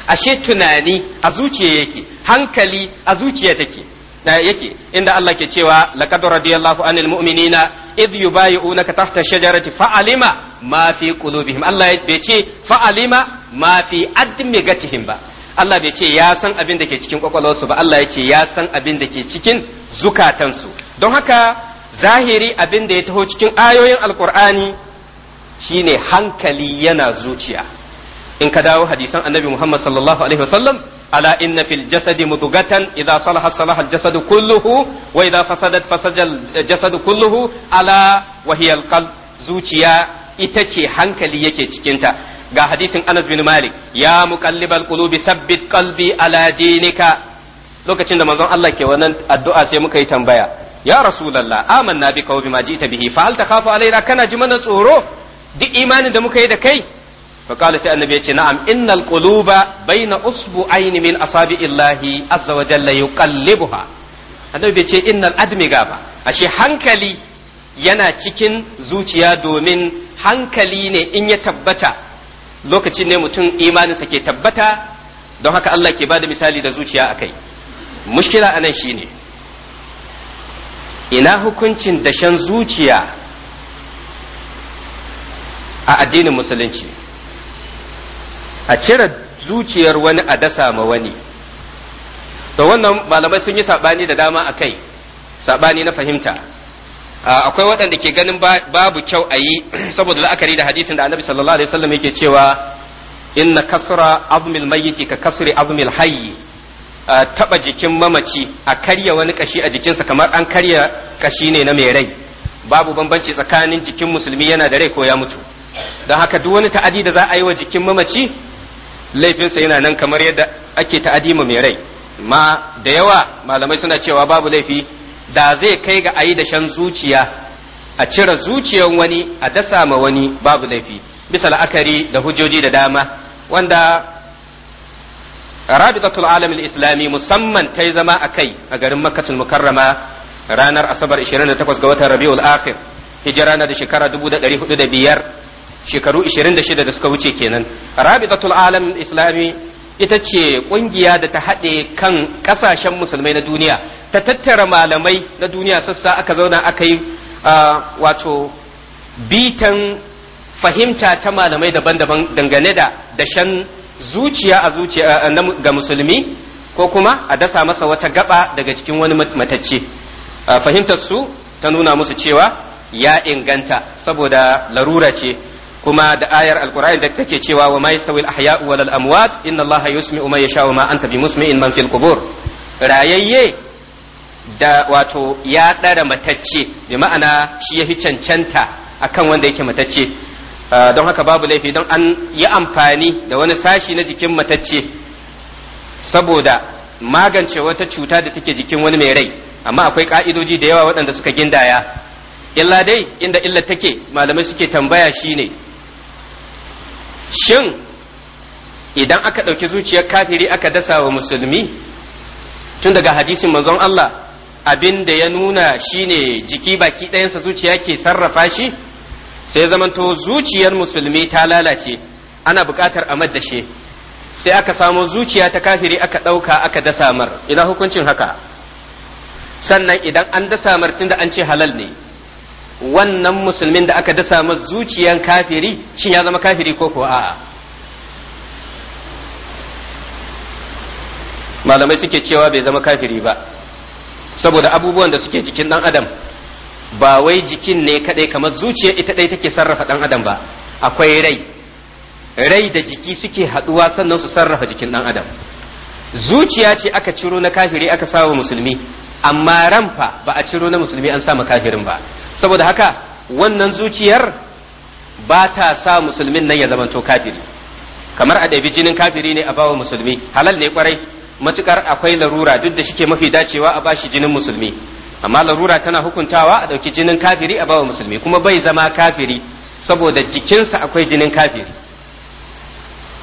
ashe tunani a zuciya yake hankali a zuciya take da yake inda Allah ke cewa laqad radiyallahu anil mu'minina idh yubayi'unaka tahta shajarati fa'alima ma fi qulubihim Allah bai ce fa'alima ma fi admigatihim ba Allah bai ce ya san abin da ke cikin kwakwalwarsu ba Allah yake ya san abin da ke cikin zukatansu don haka zahiri abin da ya taho cikin ayoyin alkur'ani shine hankali yana zuciya in ka dawo hadisan annabi Muhammad sallallahu alaihi wasallam ala inna fil jasadi mudugatan idza salaha salaha al jasadu kulluhu wa idza fasadat fasada jasadu kulluhu ala wa hiya al qalb zuciya ita ce hankali yake cikinta ga hadisin Anas bin Malik ya muqallibal qulubi sabbit qalbi ala dinika lokacin da manzon Allah ke wannan addu'a sai muka yi tambaya ya rasulullah amanna bika wa bima ji'ta bihi fa hal takhafu alaina kana ji mana tsoro duk imanin da muka yi da kai fa qala sai annabi ce na'am innal quluba baina usbu'aini min asabi'illahi azza wa jalla yuqallibuha annabi ce innal admi gaba ashe hankali yana cikin zuciya domin hankali ne in ya tabbata lokacin ne mutum imaninsa ke tabbata don haka Allah ke bada misali da zuciya akai mushkila anan shine ina hukuncin dashen zuciya a addinin musulunci a cire zuciyar wani a dasa ma wani to wannan malamai sun yi saɓani da dama a kai saɓani na fahimta akwai waɗanda ke ganin babu kyau a yi saboda la'akari da hadisin da annabi sallallahu alaihi wasallam yake cewa inna kasra azmil mayyiti ka kasri azmil hayyi taba jikin mamaci a karya wani kashi a jikinsa kamar an karya kashi ne na mai rai babu bambanci tsakanin jikin musulmi yana da rai ko ya mutu Da haka duk wani ta'adi da za a yi wa jikin mamaci laifinsa yana nan kamar yadda ake ta'adi ma mai rai ma da yawa malamai suna cewa babu laifi da zai kai ga ayi da shan zuciya a cire zuciyar wani a dasa ma wani babu laifi bisa la'akari da hujjoji da dama wanda rabitatul alamin islami musamman ta yi zama a kai a garin makkatul mukarrama ranar asabar 28 ga watan rabiul akhir hijira na da shekara 1405 shekaru 26 da suka wuce kenan rabitatul alam islami ita ce kungiya da ta haɗe kan ƙasashen musulmai na duniya ta tattara malamai na duniya sassa aka zauna aka yi wato bitan fahimta ta malamai daban-daban dangane da dashen zuciya a zuciya ga musulmi ko kuma a dasa masa wata gaba daga cikin wani matacce fahimtar su ta nuna musu cewa ya inganta saboda larura ce kuma da ayar alkur'ani da take cewa wa ma yastawi al-ahya'u wal amwat inna allaha yusmi'u man yasha'u ma anta bi musmi'in man fil qubur rayayye da wato ya dara matacce bi ma'ana shi yafi cancanta akan wanda yake matacce ah, don haka babu laifi don an yi amfani da wani sashi na jikin matacce saboda magance wata cuta da take jikin wani mai rai amma akwai ka'idoji da yawa waɗanda suka gindaya illa dai inda illa take malamai suke tambaya shine shin idan aka ɗauki zuciyar kafiri aka dasa wa musulmi tun daga hadisin manzon Allah abin da ya nuna shine jiki baki ɗayansa zuciya ke sarrafa shi sai zamanto zuciyar musulmi ta lalace ana buƙatar a maddashe sai aka samo zuciya ta kafiri aka ɗauka aka dasa mar ina hukuncin haka sannan idan an dasa mar tun da an ce halal ne wannan musulmin da aka dasa ma zuciyan kafiri shin ya zama kafiri ko ko a'a malamai suke cewa bai zama kafiri ba saboda abubuwan da suke jikin dan adam ba wai jikin ne kadai kamar zuciya ita dai take sarrafa dan adam ba akwai rai rai da jiki suke haduwa sannan su sarrafa jikin dan adam zuciya ce aka ciro na kafiri aka sawa musulmi amma ran fa ba a ciro na musulmi an sa kafirin ba saboda haka wannan zuciyar ba ta sa musulmin nan ya zamanto kafiri kamar a ɗabi jinin kafiri ne a bawa musulmi halal ne kwarai matukar akwai larura duk da shike mafi dacewa a bashi jinin musulmi amma larura tana hukuntawa a ɗauki jinin kafiri a bawa musulmi kuma bai zama kafiri saboda jikinsa akwai jinin kafiri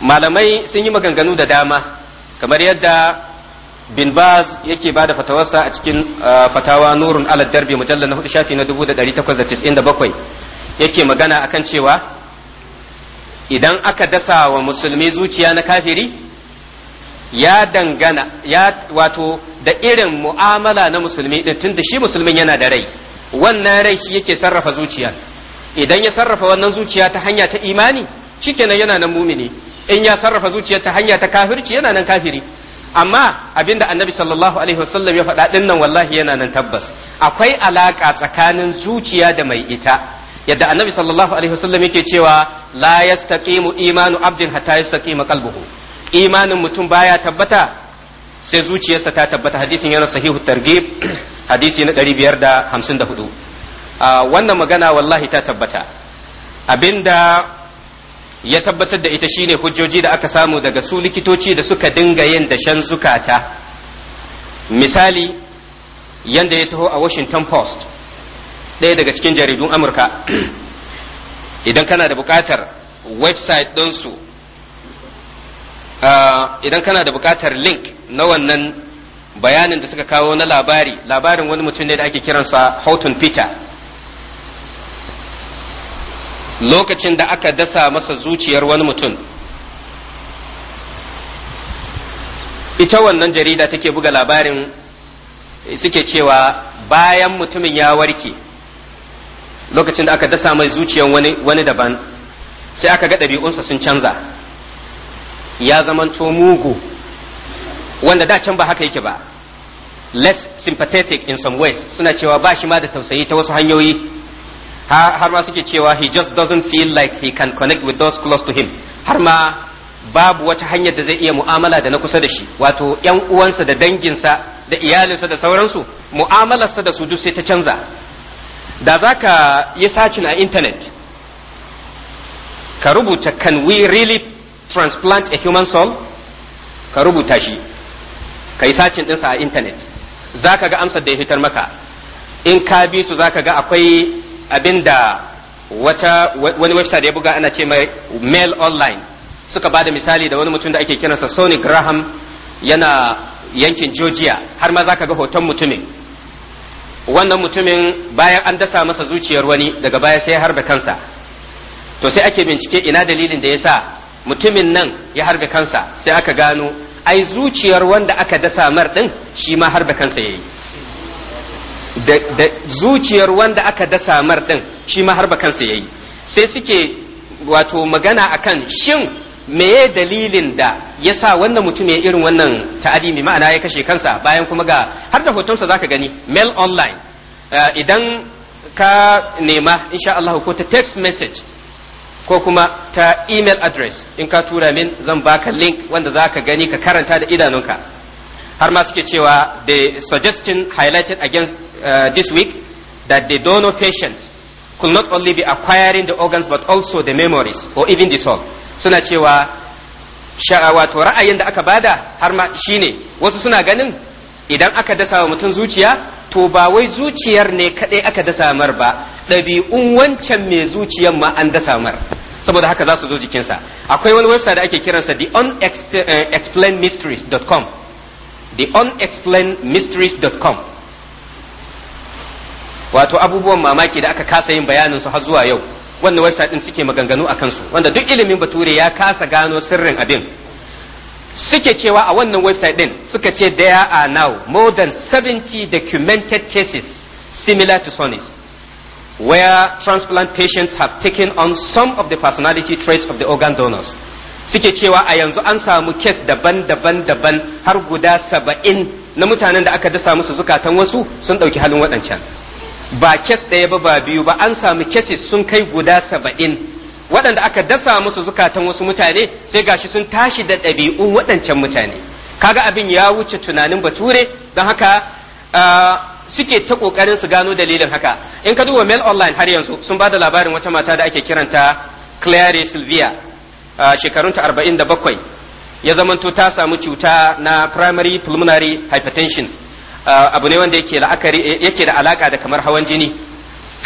malamai sun yi maganganu da dama kamar yadda bin baz yake bada fatawarsa a cikin fatawa nurun ala darbi mujallar na hudu shafi na 1897 yake magana akan cewa idan aka dasa wa musulmi zuciya na kafiri ya dangana ya wato da irin mu'amala na musulmi din tunda shi musulmin yana da rai wannan rai shi yake sarrafa zuciya idan ya sarrafa wannan zuciya ta hanya ta imani shikenan yana nan mumini in ya sarrafa zuciya ta hanya ta kafirci yana nan kafiri amma abinda annabi sallallahu alaihi wasallam ya faɗa ɗin nan wallahi yana nan tabbas akwai alaƙa tsakanin zuciya da mai ita yadda annabi sallallahu alaihi wasallam yake cewa la yastaqimu imanu abdin hatta yastaqima qalbuhu imanin mutum baya tabbata sai zuciyarsa ta tabbata hadisin yana sahihu targhib hadisi na 554 ah, wannan magana wallahi ta tabbata abinda ya tabbatar da ita shine hujjoji da aka samu daga su likitoci da suka dinga yin dashen zukata misali yanda ya taho a washington post ɗaya daga cikin jaridun amurka idan kana da buƙatar website ɗinsu uh, idan kana da buƙatar link na wannan bayanin da suka kawo na labari labarin wani mutum ne da ake kiransa houghton peter lokacin da aka dasa masa zuciyar wani mutum ita wannan jarida take buga labarin eh, suke cewa bayan mutumin ya warke lokacin da aka dasa mai zuciyar wani, daban sai aka ga ɗabi'unsa sun canza ya zamanto mugu wanda da can ba haka yake ba less sympathetic in some ways suna cewa ba shi ma da tausayi ta wasu hanyoyi har ma suke cewa he just doesn't feel like he can connect with those close to him har ma babu wata hanyar da zai iya mu'amala da na kusa da shi wato yan uwansa da danginsa da iyalinsa da sauransu mu'amalarsa da su duk sai ta canza da za ka yi sacin a internet. ka rubuta can we really transplant a human soul ka rubuta shi ka yi sacin ɗinsa a internet za ka ga amsar da ya fitar maka in ka bi su za ka ga akwai abinda wata wani website ya buga ana ce mai mail online suka ba da misali da wani mutum da ake kiransa Sony Graham yana yankin Georgia har ma zaka ga hoton mutumin wannan mutumin bayan an dasa masa zuciyar wani daga baya sai ya harbe kansa to sai ake bincike ina dalilin da ya sa mutumin nan ya harbe kansa sai aka gano ai zuciyar wanda aka dasa mar din shi ma harbe kansa yayi da zuciyar wanda aka dasa mar din shi ma harba kansa yayi sai suke wato magana akan shin meye dalilin da ya sa wannan mutum ya irin wannan ta'adi ma'ana ya kashe kansa bayan kuma ga har da hotonsa zaka gani mail online eh, idan ka nema insha Allah ko ta text message ko kuma ta email address in ka tura min zan baka link wanda za ka gani ka karanta da idanunka har ma suke cewa the suggestion highlighted against uh, this week that the donor patient could not only be acquiring the organs but also the memories or even the soul suna cewa uh, wato ra'ayin da aka bada har ma shine wasu suna ganin idan aka dasa wa mutum zuciya to ba wai zuciyar ne kaɗai aka dasa mar ba ɗabi'un wancan mai zuciyar ma an dasa mar saboda haka za su zo jikinsa akwai wani website da ake kiransa the unexplainedmysteries.com uh, the unexplainedmysteries.com wato abubuwan mamaki da aka kasa yin bayanin su har zuwa yau wannan website din suke maganganu a kansu wanda duk ilimin bature ya kasa gano sirrin abin suke cewa a wannan website din suka ce there are now more than 70 documented cases similar to sonis where transplant patients have taken on some of the personality traits of the organ donors suke cewa a yanzu an samu kes daban-daban daban har guda saba'in na mutanen da aka dasa musu zukatan wasu sun ɗauki halin waɗancan ba kes ɗaya ba ba biyu ba an samu kesis sun kai guda saba'in waɗanda aka dasa musu zukatan wasu mutane sai gashi sun tashi da ɗabi'u waɗancan mutane kaga abin ya wuce tunanin bature don haka ah, suke ta ƙoƙarin su gano dalilin haka in ka duba mail online har yanzu sun ba da labarin wata mata da ake kiranta Claire Sylvia ah, shekarunta arba'in da bakwai ya zamanto ta samu cuta na primary pulmonary hypertension Ah, abu ne wanda yake la'akari yake da alaka da kamar hawan jini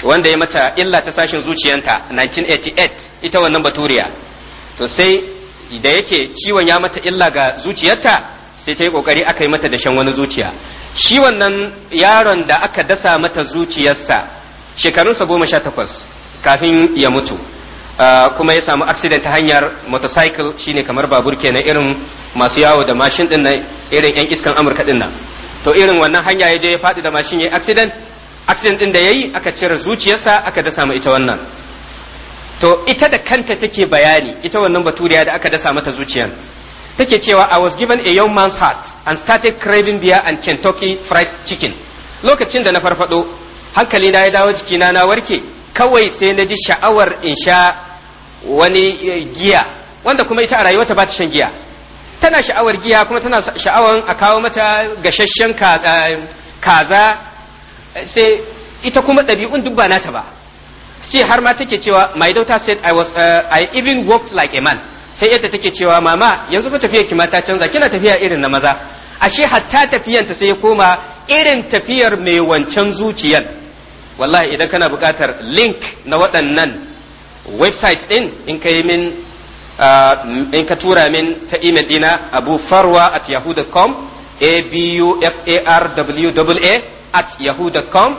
wanda ya mata illa ta sashin zuciyanta 1988 ita wannan baturiya to sai da yake ciwon ya mata illa ga zuciyarta sai ta yi kokari aka yi mata dashen wani zuciya shi wannan yaron da aka dasa mata zuciyarsa shekarunsa goma sha takwas kafin ya mutu Ah, kuma ya samu accident ta hanyar motorcycle shine kamar babur kenan irin masu yawo da mashin din nan irin yan iskan amurka din nan to irin wannan hanya ya je ya faɗi da mashin ya accident accident din da yayi aka cire zuciyarsa aka dasa mu ita wannan to ita da kanta take bayani ita wannan baturiya da aka dasa mata zuciyan take cewa I was given a young man's heart and started craving beer and Kentucky fried chicken lokacin da na farfado hankali na ya dawo jikina na warke kawai sai na ji sha'awar in sha wani eh, giya wanda kuma ita a rayuwarta ba ta shan giya tana sha'awar giya kuma tana sha'awar a kawo mata gashashen eh, kaza eh, sai ita kuma ɗabi'un duk ba nata ba sai har ma take cewa my daughter said I was uh, I even walked like a man sai ita take cewa mama yanzu ba tafiyar ki mata ta canza kina tafiya irin na maza ashe hatta tafiyanta sai ya koma irin tafiyar mai wancan zuciyar wallahi idan kana buƙatar link na waɗannan website ɗin in ka yi min in ka tura min ta email ɗina abu farwa at yahoo.com abufarwa at yahoo.com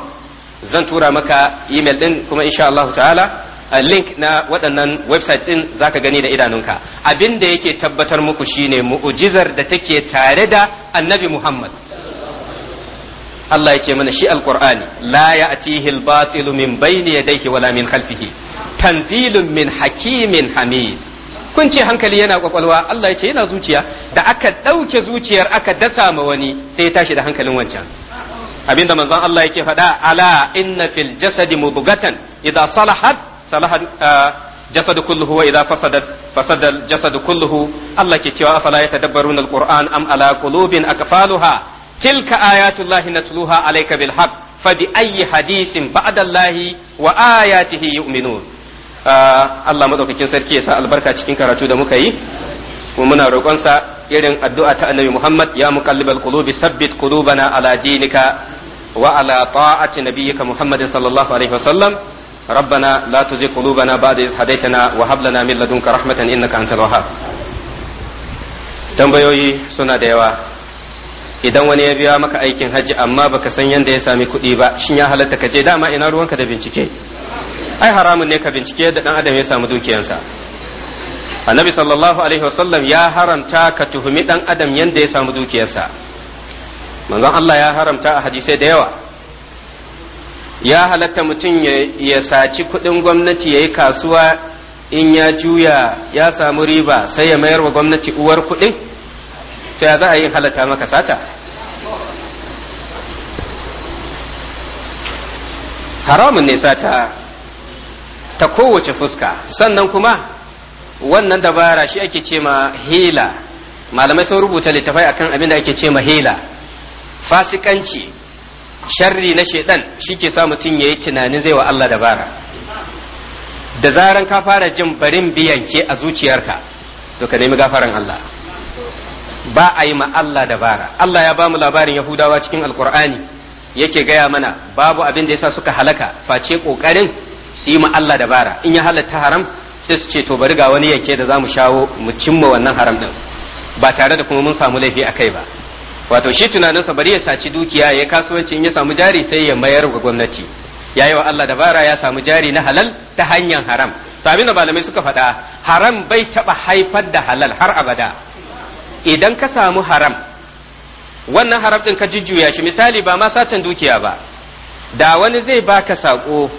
zan tura maka email ɗin kuma insha Allah ta'ala a link na waɗannan website ɗin zaka gani da idanunka abin da yake tabbatar muku shine mu'ujizar da take tare da annabi Muhammad Allah yake mana shi alqur'ani la ya'tihi al-batilu min bayni yadayhi wala min khalfihi tanzilun min hakimin hamid kun ce hankali yana kwakwalwa Allah ya ce yana zuciya da aka ɗauke zuciyar aka dasa ma wani sai ya tashi da hankalin wancan abinda manzon Allah yake faɗa ala inna fil jasadi mudghatan idza salahat salahat ah, jasadu kulluhu wa idza fasadat fasada jasadu kulluhu Allah ke cewa afala yatadabbaruna alquran am ala qulubin akfaluha tilka ayatullahi natluha alayka bil haqq fa bi ayyi hadisin ba'da allahi wa ayatihi yu'minun ah, Allah madaukakin sarki ya sa albarka cikin karatu da muka yi kuma muna roƙon irin addu'a ta annabi Muhammad ya muqallibal qulubi sabbit qulubana ala dinika wa ala ta'ati nabiyyika Muhammadin sallallahu alaihi wasallam ربنا لا تزغ قلوبنا بعد إذ هديتنا وهب لنا من لدنك رحمة إنك أنت الوهاب tambayoyi suna da yawa idan wani ya biya maka aikin hajji amma baka san yanda ya sami kuɗi ba shin ya halatta ka je dama ina ruwanka da bincike ai haramun ne ka bincike da dan adam ya samu dukiyansa annabi sallallahu alaihi wasallam ya haramta ka tuhumi dan adam yanda ya samu dukiyarsa manzon Allah ya haramta a hadisai da yawa ya halatta mutum ya saci kuɗin gwamnati ya yi kasuwa in ya juya ya samu riba sai ya mayar wa gwamnati uwar kuɗin to za a yi halatta maka sata haramun ne sata ta kowace fuska sannan kuma wannan dabara shi ake ce ma hila malamai sun rubuta littafai akan abin da ake ce ma hila fasikanci sharri na shaidan shi ke sa mutum ya yi tunanin zai wa Allah dabara da zaran ka fara jin barin biyan ke a zuciyarka to ka nemi gafaran Allah ba a yi ma Allah dabara Allah ya bamu labarin Yahudawa cikin Alkur'ani yake gaya mana babu abin da yasa suka halaka face kokarin su yi ma Allah dabara in ya halatta haram sai su ce to bari ga wani yake da zamu shawo mu cimma wannan haram din ba tare da kuma mun samu laifi a kai ba wato shi tunaninsa bari ya saci dukiya ya kasuwanci in ya samu jari sai ya mayar ga gwamnati ya yi wa Allah dabara ya samu jari na halal ta hanyar haram to abin da malamai suka faɗa haram bai taɓa haifar da halal har abada idan ka samu haram wannan haram ɗin ka jujjuya shi misali ba ma satan dukiya ba da wani zai baka sako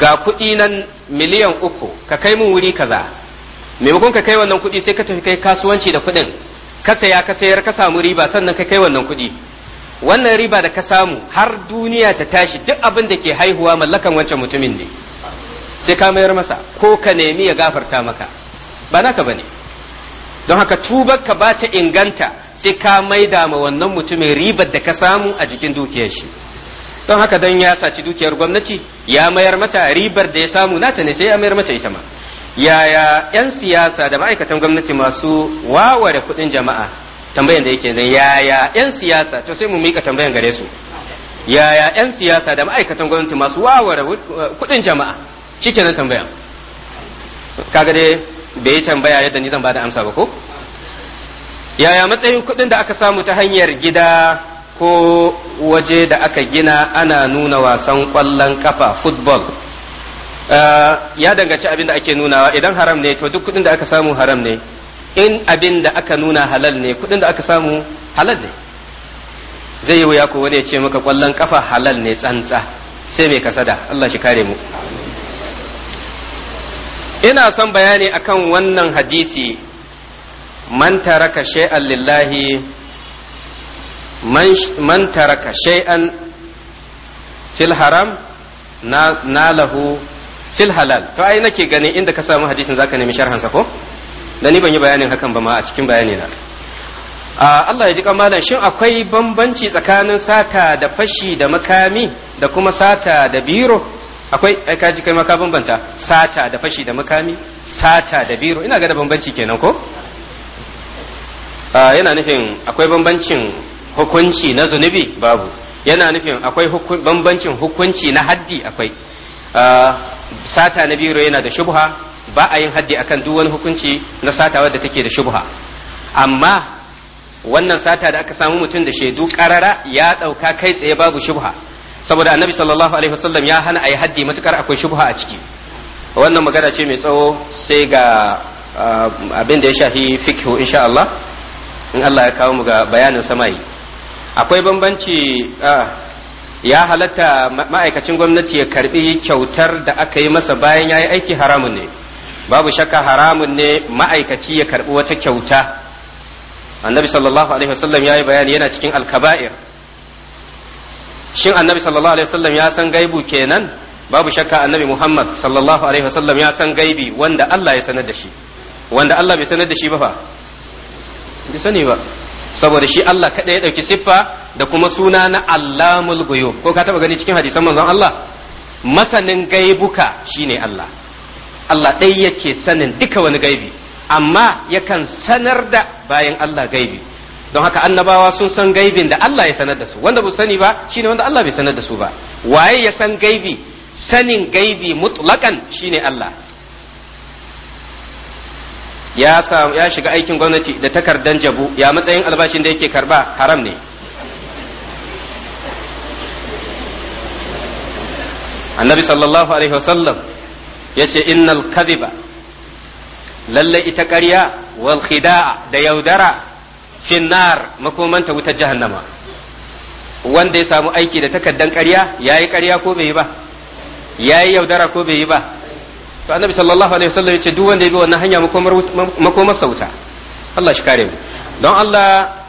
ga kuɗi nan miliyan uku ka kai mun wuri kaza maimakon ka kai wannan kuɗi sai ka tafi kai kasuwanci da kuɗin ka saya ka sayar ka samu riba sannan ka kai wannan kuɗi wannan riba da ka samu har duniya ta tashi duk abin da ke haihuwa mallakan wancan mutumin ne sai ka mayar masa ko ka nemi ya gafarta maka ba naka bane don haka ka ba ta inganta sai ka maida ma wannan mutumin ribar da ka samu a jikin dukiyar shi don haka don ya saci dukiyar gwamnati ya mayar mata ribar da ya samu nata ne sai ya mayar mata ita ma yaya 'yan siyasa da ma'aikatan gwamnati masu waware kuɗin jama'a tambayan da yake nan yaya 'yan siyasa to sai mu mika tambayan gare su yaya 'yan siyasa da ma'aikatan gwamnati masu waware kuɗin jama'a shikenan tambayan kaga dai bai yi tambaya yadda ni zan bada amsa ba ko yaya matsayin kuɗin da aka samu ta hanyar gida ko waje da aka gina ana nuna wasan ƙwallon kafa football eh, ya danganci abin da ake nunawa idan haram ne to duk kuɗin da aka samu haram ne in abin da aka nuna halal ne kuɗin da aka samu halal ne zai yi wuya ko wani ya ce maka kwallon kafa halal ne tsantsa sai mai kasada Allah shi kare mu ina son bayani akan wannan hadisi man taraka shay'an lillahi man taraka shay'an fil haram na lahu fil halal to ai nake ganin inda ka samu hadisin zaka nemi sharhan ko da ni ban yi bayanin hakan ba ma a cikin bayani na Allah ya ji kamalan shin akwai bambanci tsakanin sata da fashi da makami da kuma sata da biro akwai ai kaji kai maka bambanta sata da fashi da makami sata da biro ina ga da bambanci kenan ko ah, yana nufin akwai bambancin hukunci na zunubi babu yana nufin akwai bambancin hukunci na haddi akwai ah, sata na biro yana da shubha ba a yin haddi akan duk wani hukunci na sata wadda take da shubha amma wannan sata da aka samu mutum da shaidu karara ya ɗauka kai tsaye babu shubha saboda annabi sallallahu alaihi wasallam ya hana ayi haddi matukar akwai shubha a ciki wannan magana ce mai tsawo sai ga ah, abin da ya shafi fiqh insha Allah in Allah ya kawo mu ga bayanin samai akwai bambanci ah, ya halatta ma'aikacin gwamnati ya karbi kyautar da aka yi masa bayan ya yi aiki haramun ne babu shakka haramun ne ma'aikaci ya karbi wata kyauta annabi sallallahu alaihi wasallam ya yi bayani yana cikin alkaba'ir shin annabi sallallahu alaihi wasallam ya san gaibu kenan babu shakka annabi muhammad sallallahu alaihi wasallam ya san gaibi wanda allah ya sanar da shi wanda allah bai sanar da shi ba fa bai sani ba saboda shi allah kada ya dauki siffa da kuma suna na allamul guyub ko ka taba gani cikin hadisan manzon allah masanin gaibuka shine allah allah ɗaya yake sanin duka wani gaibi amma yakan sanar da bayan allah gaibi don haka annabawa sun san gaibin da Allah ya sanar da su wanda ba sani ba shine wanda Allah bai sanar da su ba waye ya san gaibi sanin gaibi mutlakan shine Allah ya ya shiga aikin gwamnati da takardan jabu ya matsayin albashin da yake karba haram ne annabi sallallahu alaihi wasallam yace innal kadhiba lalle ita ƙarya wal da yaudara finnar makomanta wutar jahannama wanda ya samu aiki da takaddan ƙarya yi ƙarya ko bai yi ba ya yi yaudara ko bai yi ba to annabi sallallahu alaihi wasallam ce duk wanda ya bi wannan hanya makomar makomar sauta Allah shi kare mu don Allah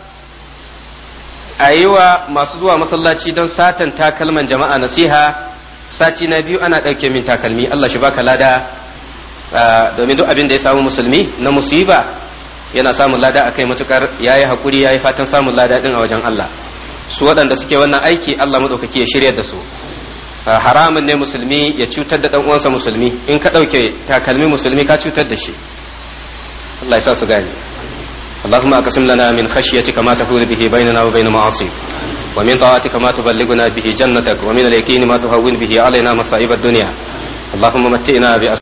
a yi wa masu zuwa masallaci don satan takalman jama'a nasiha sati na biyu ana ɗauke min takalmi Allah shi baka lada ah, domin duk abin da ya samu musulmi na musiba yana samun lada akai matukar yayi hakuri yayi fatan samun lada din a wajen Allah su waɗanda suke wannan aiki Allah madaukaki ya shirya da su ah, haramun ne musulmi ya cutar da dan uwansa musulmi in ka dauke takalmi musulmi ka cutar da shi Allah ya sa su gane اللهم اقسم لنا من خشيتك ما به بيننا وبين معاصيك ومن طاعتك ما تبلغنا به جنتك ومن اليقين ما تهون به علينا مصائب الدنيا اللهم متئنا بأس